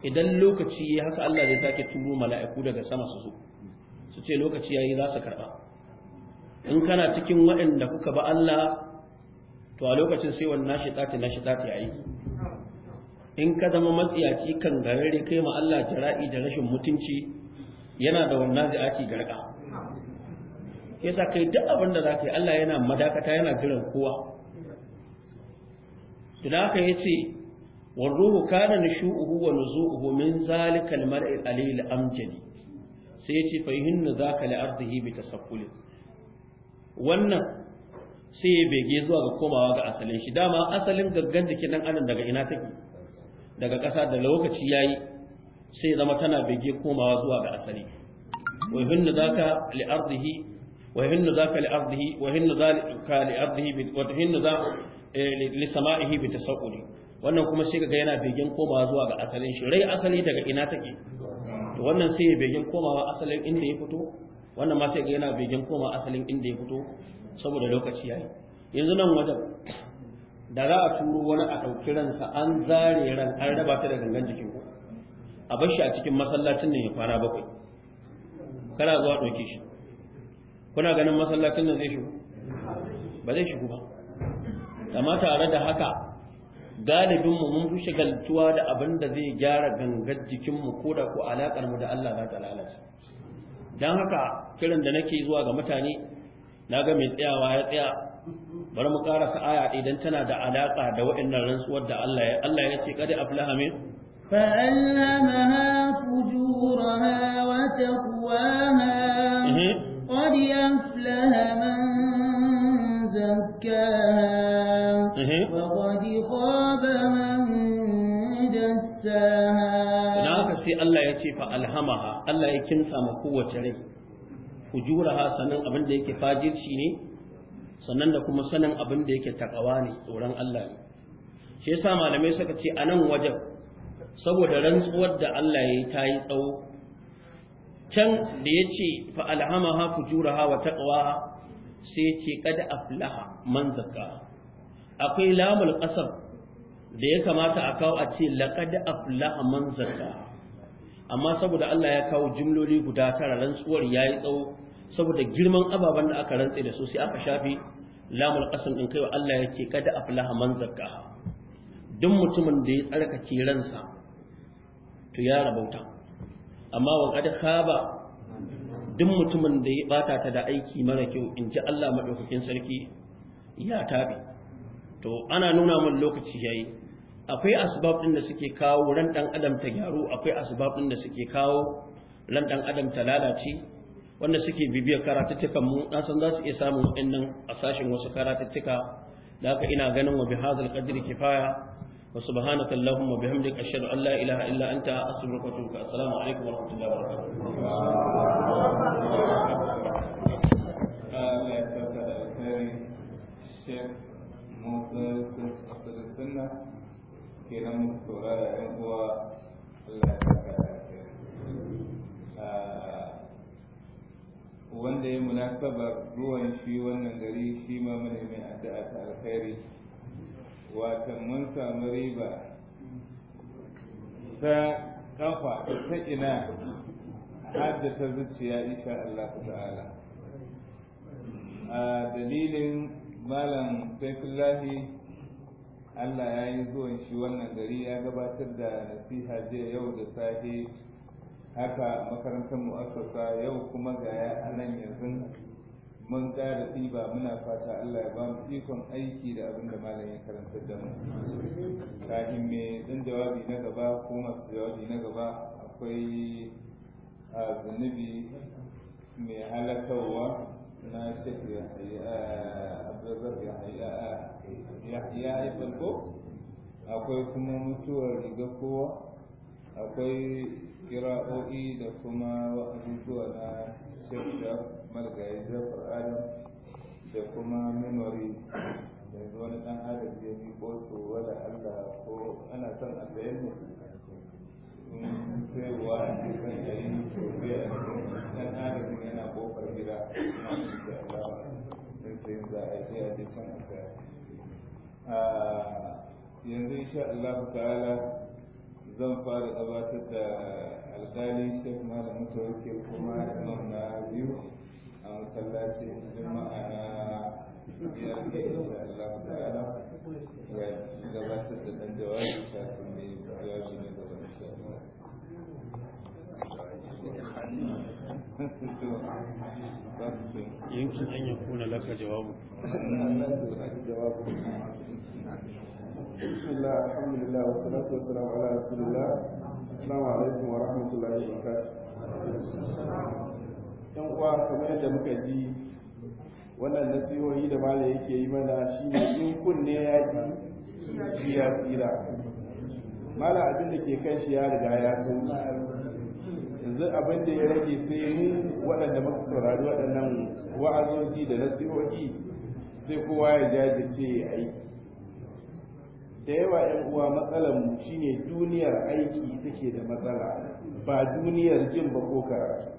idan lokaci ya haka Allah zai sake turo mala'iku daga sama su zo su ce lokaci yayi za su karba in kana cikin waɗanda kuka ba Allah to a lokacin sai wannan shi tsati na shi tsati yayi in ka zama matsiyaci kan garare kai ma Allah jara'i da rashin mutunci yana da wannan zai'aci garka yasa kai duk abin da zaka yi Allah yana madakata yana jiran kowa to da haka yace warruhu kana nushuhu wa nuzuhu min zalikal al-mar'i alil amjadi sai yace fa hinna zaka li ardihi bi wannan sai ya bege zuwa ga komawa ga asalin shi dama asalin gaggan jikin nan anan daga ina take daga ƙasa da lokaci ya yi sai zama tana bege komawa zuwa ga asali wa za ka li ardihi wa ka zaka li wa wa za eh, li sama'ihi bi ne. wannan kuma sai ga yana begen komawa zuwa ga asalin shi rai asali daga ina take to wannan sai ya begen komawa asalin inda ya fito wannan ma sai ga yana begen komawa asalin inda ya fito saboda lokaci ya yi. yanzu nan wajen da za a turo wani a ɗauki ransa an zare ran an raba ta da gangan jikin ku a bar shi a cikin masallacin nan ya kwana bakwai kana zuwa ɗauke shi kuna ganin masallacin nan zai shigo ba zai shigo ba amma tare da haka galibinmu mun fi shagaltuwa da abin da zai gyara jikin jikinmu ko da ko alakar mu da Allah za ta lalace Dan haka kiran da nake zuwa ga mutane na ga mai tsayawa ya tsaya bari mu karasa aya idan tana da alaƙa da waɗannan rantsuwar da Allah ya Allah ya ce kada aflaha min فألهمها فجورها وتقواها قد أفلح من زكاها وقد خاب Allah ya ce fa Alhamaha, Allah ya الله يكنسى kowace rai fujuraha sanan abin da yake shi ne sannan da kuma sanin abin da yake takawa ne tsoron Allah ne shi yasa malamai suka ce a nan wajen saboda rantsuwar da Allah ya yi ta yi tsawo can da ya ce fa alhamaha fujuraha wa taqwaha sai ce a aflaha man zakka akwai lamul da ya kamata a kawo a ce laqad aflaha man zakka amma saboda Allah ya kawo jimloli guda tara rantsuwar yayi tsawo saboda girman ababen da aka rantse da su sai aka shafi lamul qasam din kaiwa Allah yake kada aflaha man zakkaha duk mutumin da ya tsarkake ransa to ya rabauta amma wa kada khaba duk mutumin da ya bata ta da aiki mara kyau in ji Allah madaukakin sarki ya tabi to ana nuna min lokaci yayi akwai asbab din da suke kawo ran dan adam ta gyaru akwai asbab din da suke kawo ran dan adam ta lalace wanda suke bibiyar karatuttukan mu na san za su iya samun waɗannan a sashen wasu karatuttuka da haka ina ganin wa bi bihadhal qadri kifaya wa subhanaka allahumma bihamdika ashhadu an la ilaha illa anta astaghfiruka wa atubu assalamu alaikum wa rahmatullahi wa barakatuh kenan muka saurara 'yan uwa Allah ya wanda ya munasabar ruwan shi wannan gari shi ma muna mai addu'a ta alkhairi watan mun samu riba ta kafa ta ina har da ta zuciya insha Allah ta'ala a dalilin malam saifullahi Allah ya yi zuwan shi wannan gari ya gabatar da nasiha jiya yau da safe haka makarantar mu'assasa yau kuma gaya a nan yanzu mun ƙara tsiba muna fata Allah ya ba mu ikon aiki da abin da malam ya karanta da mu kafin me dan jawabi na gaba ko masu jawabi na gaba akwai a zunubi mai halakarwa na shek ya haifar ko akwai kuma mutuwar riga kowa akwai kira'o'i da kuma wa'azuzuwa na shafshaf margayi zafar adam da kuma memory da wani dan adam ya yi ko su wada allah ko ana son a sayan mu mm, sai wa a cikin yayin sosai a cikin dan adam yana kofar gida na cikin da allah sai sai za a je a cikin can a ah, yanzu insha allah ta'ala zan fara gabatar da eh, alkali shek malam mutawake kuma imam na biyu a masallacin juma'a na biyar ke insha Allah ta'ala ya gabatar da dan jawabi kafin mai jawabi na gaba insha Allah بسم yan uwa kamar yadda muka ji wannan nasihohi da mala yake yi mana shine in kunne ya ji ji ya tsira mala abin da ke kan shi ya riga ya tauki yanzu abin da ya rage sai mu waɗanda muka saurari waɗannan wa'azoji da nasihohi sai kowa ya jajirce aiki da yawa yan uwa matsalar mu shine duniyar aiki take da matsala ba duniyar jin ba ko karatu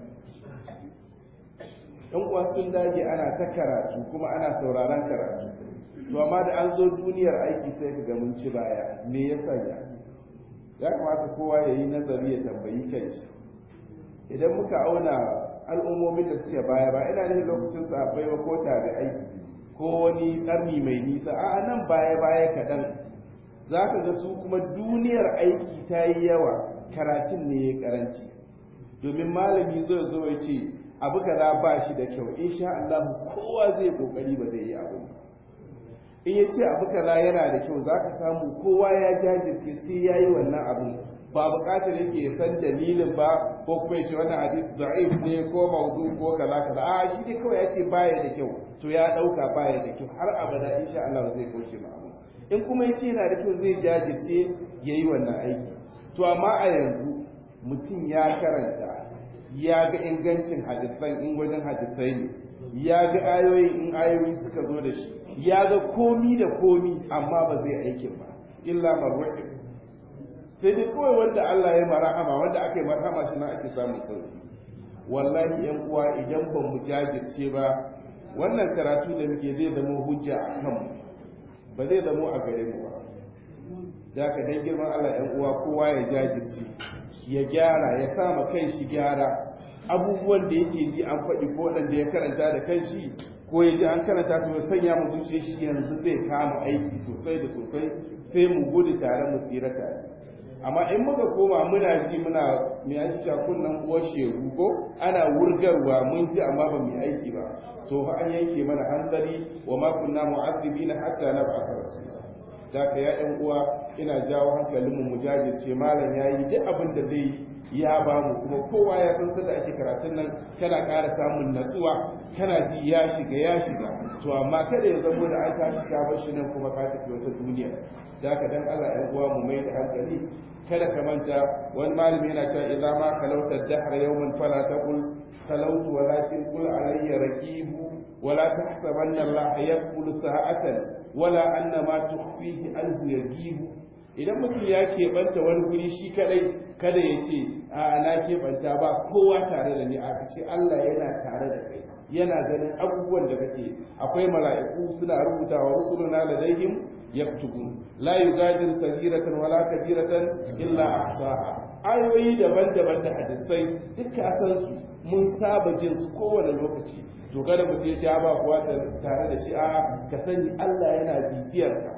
yan uwa sun dage ana ta karatu kuma ana sauraron karatu to amma da an zo duniyar aiki sai ka mun ci baya me ya sanya ya kamata kowa ya yi nazari ya tambayi kai idan muka auna al'ummomin da suke baya ba ina nufin lokacin sa baiwa ko aiki ko wani ƙarni mai nisa a nan baya baya kaɗan za ka ga su kuma duniyar aiki ta yi yawa karatun ne ya karanci domin malami zai zo ya ce abu kaza ba shi da kyau insha Allah kowa zai kokari ba zai yi abu in ya ce abu kaza yana da kyau za ka samu kowa ya jajirce sai ya yi wannan abin ba bukatar yake ya san dalilin ba ko kuma ya ce wannan hadis da'if ne ko mawdu ko kaza kaza a shi ne kawai ya ce baya da kyau to ya ɗauka baya da kyau har abada insha Allah zai kauce ba in kuma ya ce yana da kyau zai jajirce ya yi wannan aiki to amma a yanzu mutum ya karanta ya ga ingancin hadisan in wajen hadisai ne ya ga ayoyi in ayoyi suka zo da shi ya ga komi da komi amma ba zai aikin ba illa marwaɗi sai dai kawai wanda Allah ya marahama wanda aka yi marhama shi na ake samun sauki wallahi yan uwa idan ban mu jajirce ba wannan karatu da muke zai zama hujja a kanmu ba zai zamo a gare mu ba da ka dan girman Allah ɗan uwa kowa ya jajirce ya gyara ya sa ma kan shi gyara abubuwan da yake ji an faɗi ko waɗanda ya karanta da kan shi ko ya ji an karanta to ya sanya mu zuciya shi yanzu zai kama aiki sosai da sosai sai mu gudu tare mu tsira tare amma in muka koma muna ji muna mai aiki kunnan uwar shegu ko ana wurgarwa mun ji amma ba mai aiki ba to fa an yanke mana hanzari wa ma kunna mu'azzibina hatta nab'atha rasula da ka ya uwa ina jawo hankalin mu jajirce malam yayi duk abin da zai ya ba mu kuma kowa ya san da ake karatun nan kana ƙara samun natsuwa kana ji ya shiga ya shiga to amma kada ya zamo da an tashi ka bar nan kuma ka tafi wata duniya da ka dan Allah uwa mu mai da hankali kada ka manta wani malami yana cewa idan ma kalauta dahar yawmin fala taqul kalautu walakin qul alayya raqibu ولا تحسبن الله يقبل ساعة ولا أن ما تخفيه أنه يجيب idan mutum ya keɓanta wani guri shi kadai kada ya ce a na keɓanta ba kowa tare da ni a ce Allah yana tare da kai yana ganin abubuwan da kake akwai mala'iku suna rubuta rubutawa rusuluna ladaihim yaktubun la yugadir sagiratan wala kabiratan illa ahsaha ayoyi daban-daban da hadisai duka san su mun saba jin su kowane lokaci to kada mu ce ba kuwa tare da shi a ka sani Allah yana bibiyarka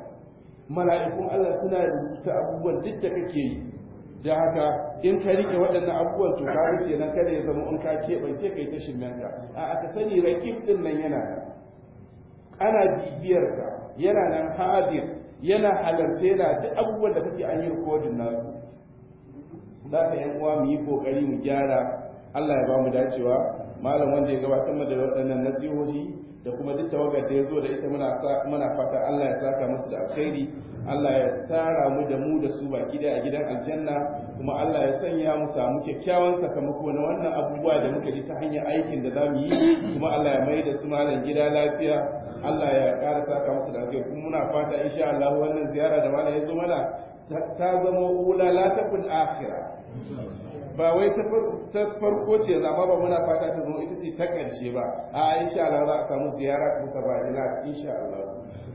mala'ikun Allah suna rubuta abubuwan duk da kake yi da haka in ka rike waɗannan abubuwan to ka rike nan kada ya zama in ka keɓance kai ta shirmen ka a aka sani rakib din nan yana ana bibiyar ka yana nan hadir yana halarce na duk abubuwan da kake an yi rikodin nasu za ka yan uwa mu yi kokari mu gyara Allah ya ba mu dacewa malam wanda ya gabatar da waɗannan nasihohi da kuma duk tawagar da ya zo da ita muna fata Allah ya saka musu da alkhairi Allah ya tara mu da mu da su baki da a gidan aljanna kuma Allah ya sanya mu samu kyakkyawan sakamako na wannan abubuwa da muka ji ta hanyar aikin da zamu yi kuma Allah ya mai da su malam gida lafiya Allah ya ƙara saka musu da alkhairi kuma muna fata insha Allah wannan ziyara da malam ya zo mana ta zama ula la takun ba wai ta farko ce amma ba muna fata ta zama ita ce ta ƙarshe ba a insha Allah za a samu ziyara ku ta bajina insha Allah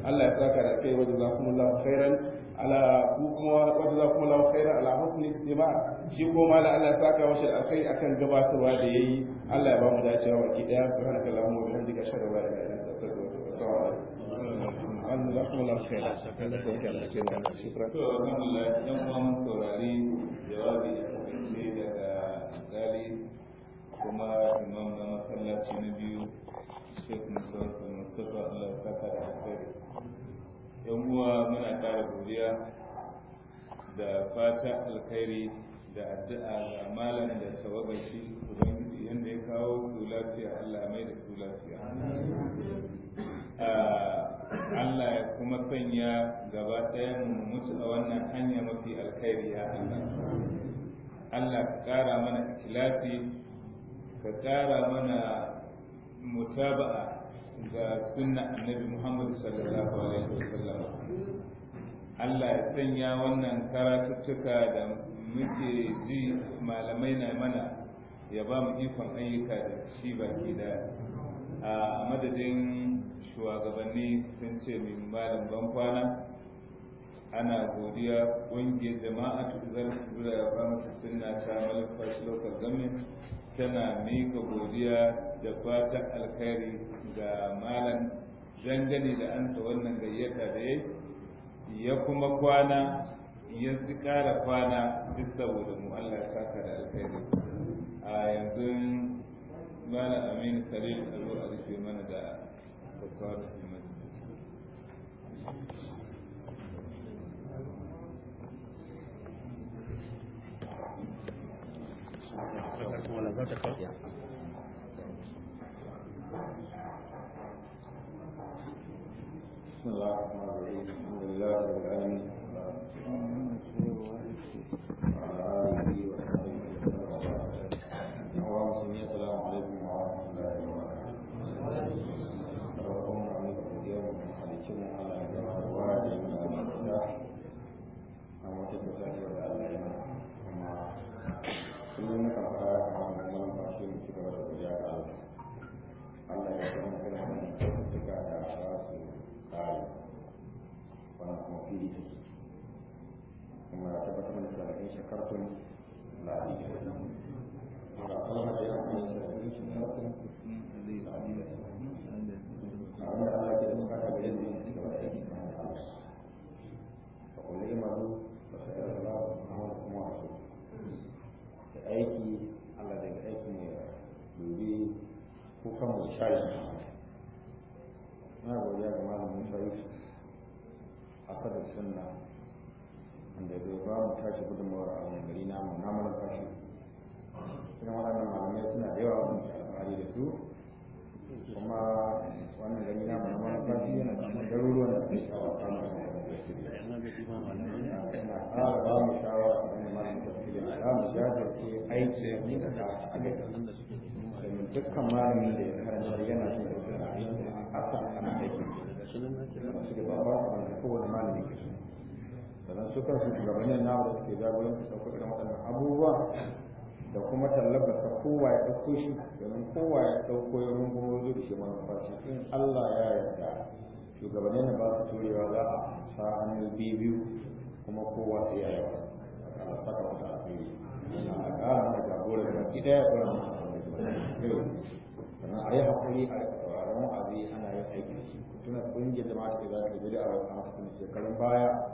Allah ya saka da kai wajen zakumullahu khairan ala ku kuma wajen zakumullahu khairan ala husni istima shi ko mala Allah ya saka mashi alkhairi akan gabatarwa da yayi Allah ya ba mu dacewa baki daya subhanakallahumma wa bihamdika ashhadu an la ilaha illa anta astaghfiruka wa atubu ilaik amfani da kuma lafiya da sakan da kuma kyala na to alhamdulillah yan jawabi da daga kuma imam masallaci na biyu shekh musawarsu mustapha allah ya saka da alkhairi yan uwa muna kara godiya da fata alkhairi da addu'a ga malam da tawagar shi ubangiji yadda ya kawo su lafiya allah mai da su lafiya Allah ya kuma sanya gaba ɗaya mu mutu a wannan hanya mafi alkhairi ya Allah Allah ka ƙara mana ikilafi, ka ƙara mana mutaba'a ga sunna annabi Muhammad sallallahu alaihi wasallam Allah ya sanya wannan karatuttuka da muke ji malamai na mana ya ba mu ikon ayyuka da shi baki da a madadin shugabanni sun ce min malam ban kwana ana godiya ƙungiyar jama'a ta zarfura ya fahimta suna ta malafar shilokar gamin tana mika godiya da fatan alkhairi ga malam dangane da an ta wannan gayyata da ya ya kuma kwana ya ƙara kwana duk saboda mu Allah ya saka da alkhairi a yanzu malam aminu salim alo a rufe mana da بسم الله الرحمن الرحيم الحمد لله رب العالمين farkon labari ya a yi aiki Allah daga aiki ne dubi ko kan mu shayi na godiya ga malamin shayi a sadar sunna wanda zai ba mu tashi gudunmawar a wani gari na mu na tashi suna waɗannan malamai suna da yawa wani alfahari da su kuma wannan gari na mu tashi yana cikin garuruwan da suke shawar da yana ƙara ba mu shawara a wani malam tafiya za mu jajirce aiki da dukkan malamin da ya karanta yana cikin a kan ana aiki da su da ba ba su da kowane malami ke sannan su kansu shugabannin na da suke jagoran su kuɗi da waɗannan abubuwa da kuma tallabar ta kowa ya ɗauko shi domin kowa ya ɗauko ya rungumo zo da shi manufashi in Allah ya yarda shugabannin na ba su turewa za a sa hannu biyu kuma kowa sai ya yawa a saka wata alheri a ƙara da jagoran da ki ɗaya ɗora masu sannan a yi haƙuri a sauraron wa'azi ana yin aiki da shi tuna ƙungiyar jama'a ta za ta gida a wasu shekarun baya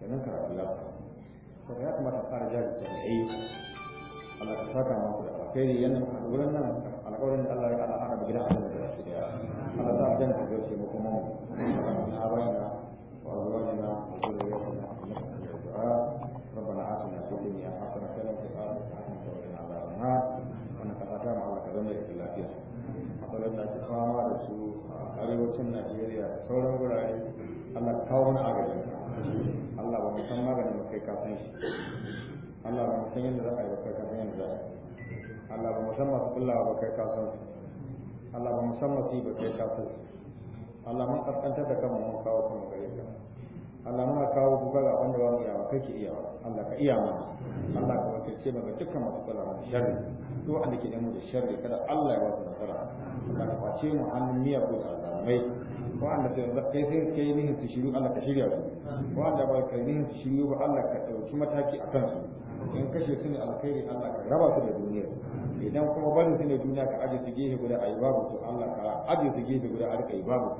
sannan karatu ya samu ya kamata fara jari ta da ai Allah ka saka maku da alkhairi yana maka wurin nan alƙawarin da Allah ya ala ana bigina a da rashi da Allah ta aljanna ta gaushe mu kuma mu na bayana wa azwajina wa dhurriyyatina kuma samiyyun du'a ربنا آتنا في الدنيا حسنة وفي الآخرة حسنة وقنا عذاب النار ونكفاتا مع الله كذنب إلا فيها matsalar da ta fama da su a arewacin najeriya da sauran wurare allah kawo wani agajin Allah ba mu san maganin ba kai kafin shi Allah ba mu san yadda za a yi ba kai kafin yadda za a yi Allah ba mu san masu kullawa ba kai kafin su Allah ba mu san masu ba kai kafin su Allah mun kaskantar da kanmu mun kawo kuma gare ka Allah muna kawo kuka ga wanda ba mu iya ba kai ki iyawa Allah ka iya mana Allah ka wakilce mu ga dukkan masu kullawa da sharri duk wanda ke da mu da sharri kada Allah ya ba su nasara Allah ka kwace mu hannun miyagun azamai wanda kai sai kai yi su Allah ka shirya su wanda ba ka su ba Allah ka ɗauki mataki a su, in kashe su ne alkhairi Allah ka raba su da duniya idan kuma barin su ne duniya ka aje su gefe guda a yi babu to Allah ka aje su gefe guda a rika yi babu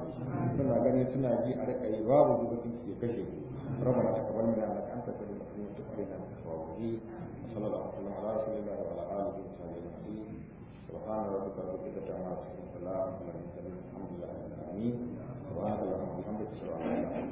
suna ganin suna ji a rika yi babu su bakin su ke kashe su ربنا تقبل منا انك انت السميع العليم وتب علينا انك التواب وصلى الله وسلم على رسول الله وعلى اله وصحبه اجمعين سبحان ربك رب العزه عما يصفون وسلام على المرسلين الحمد لله تعالى وبحمده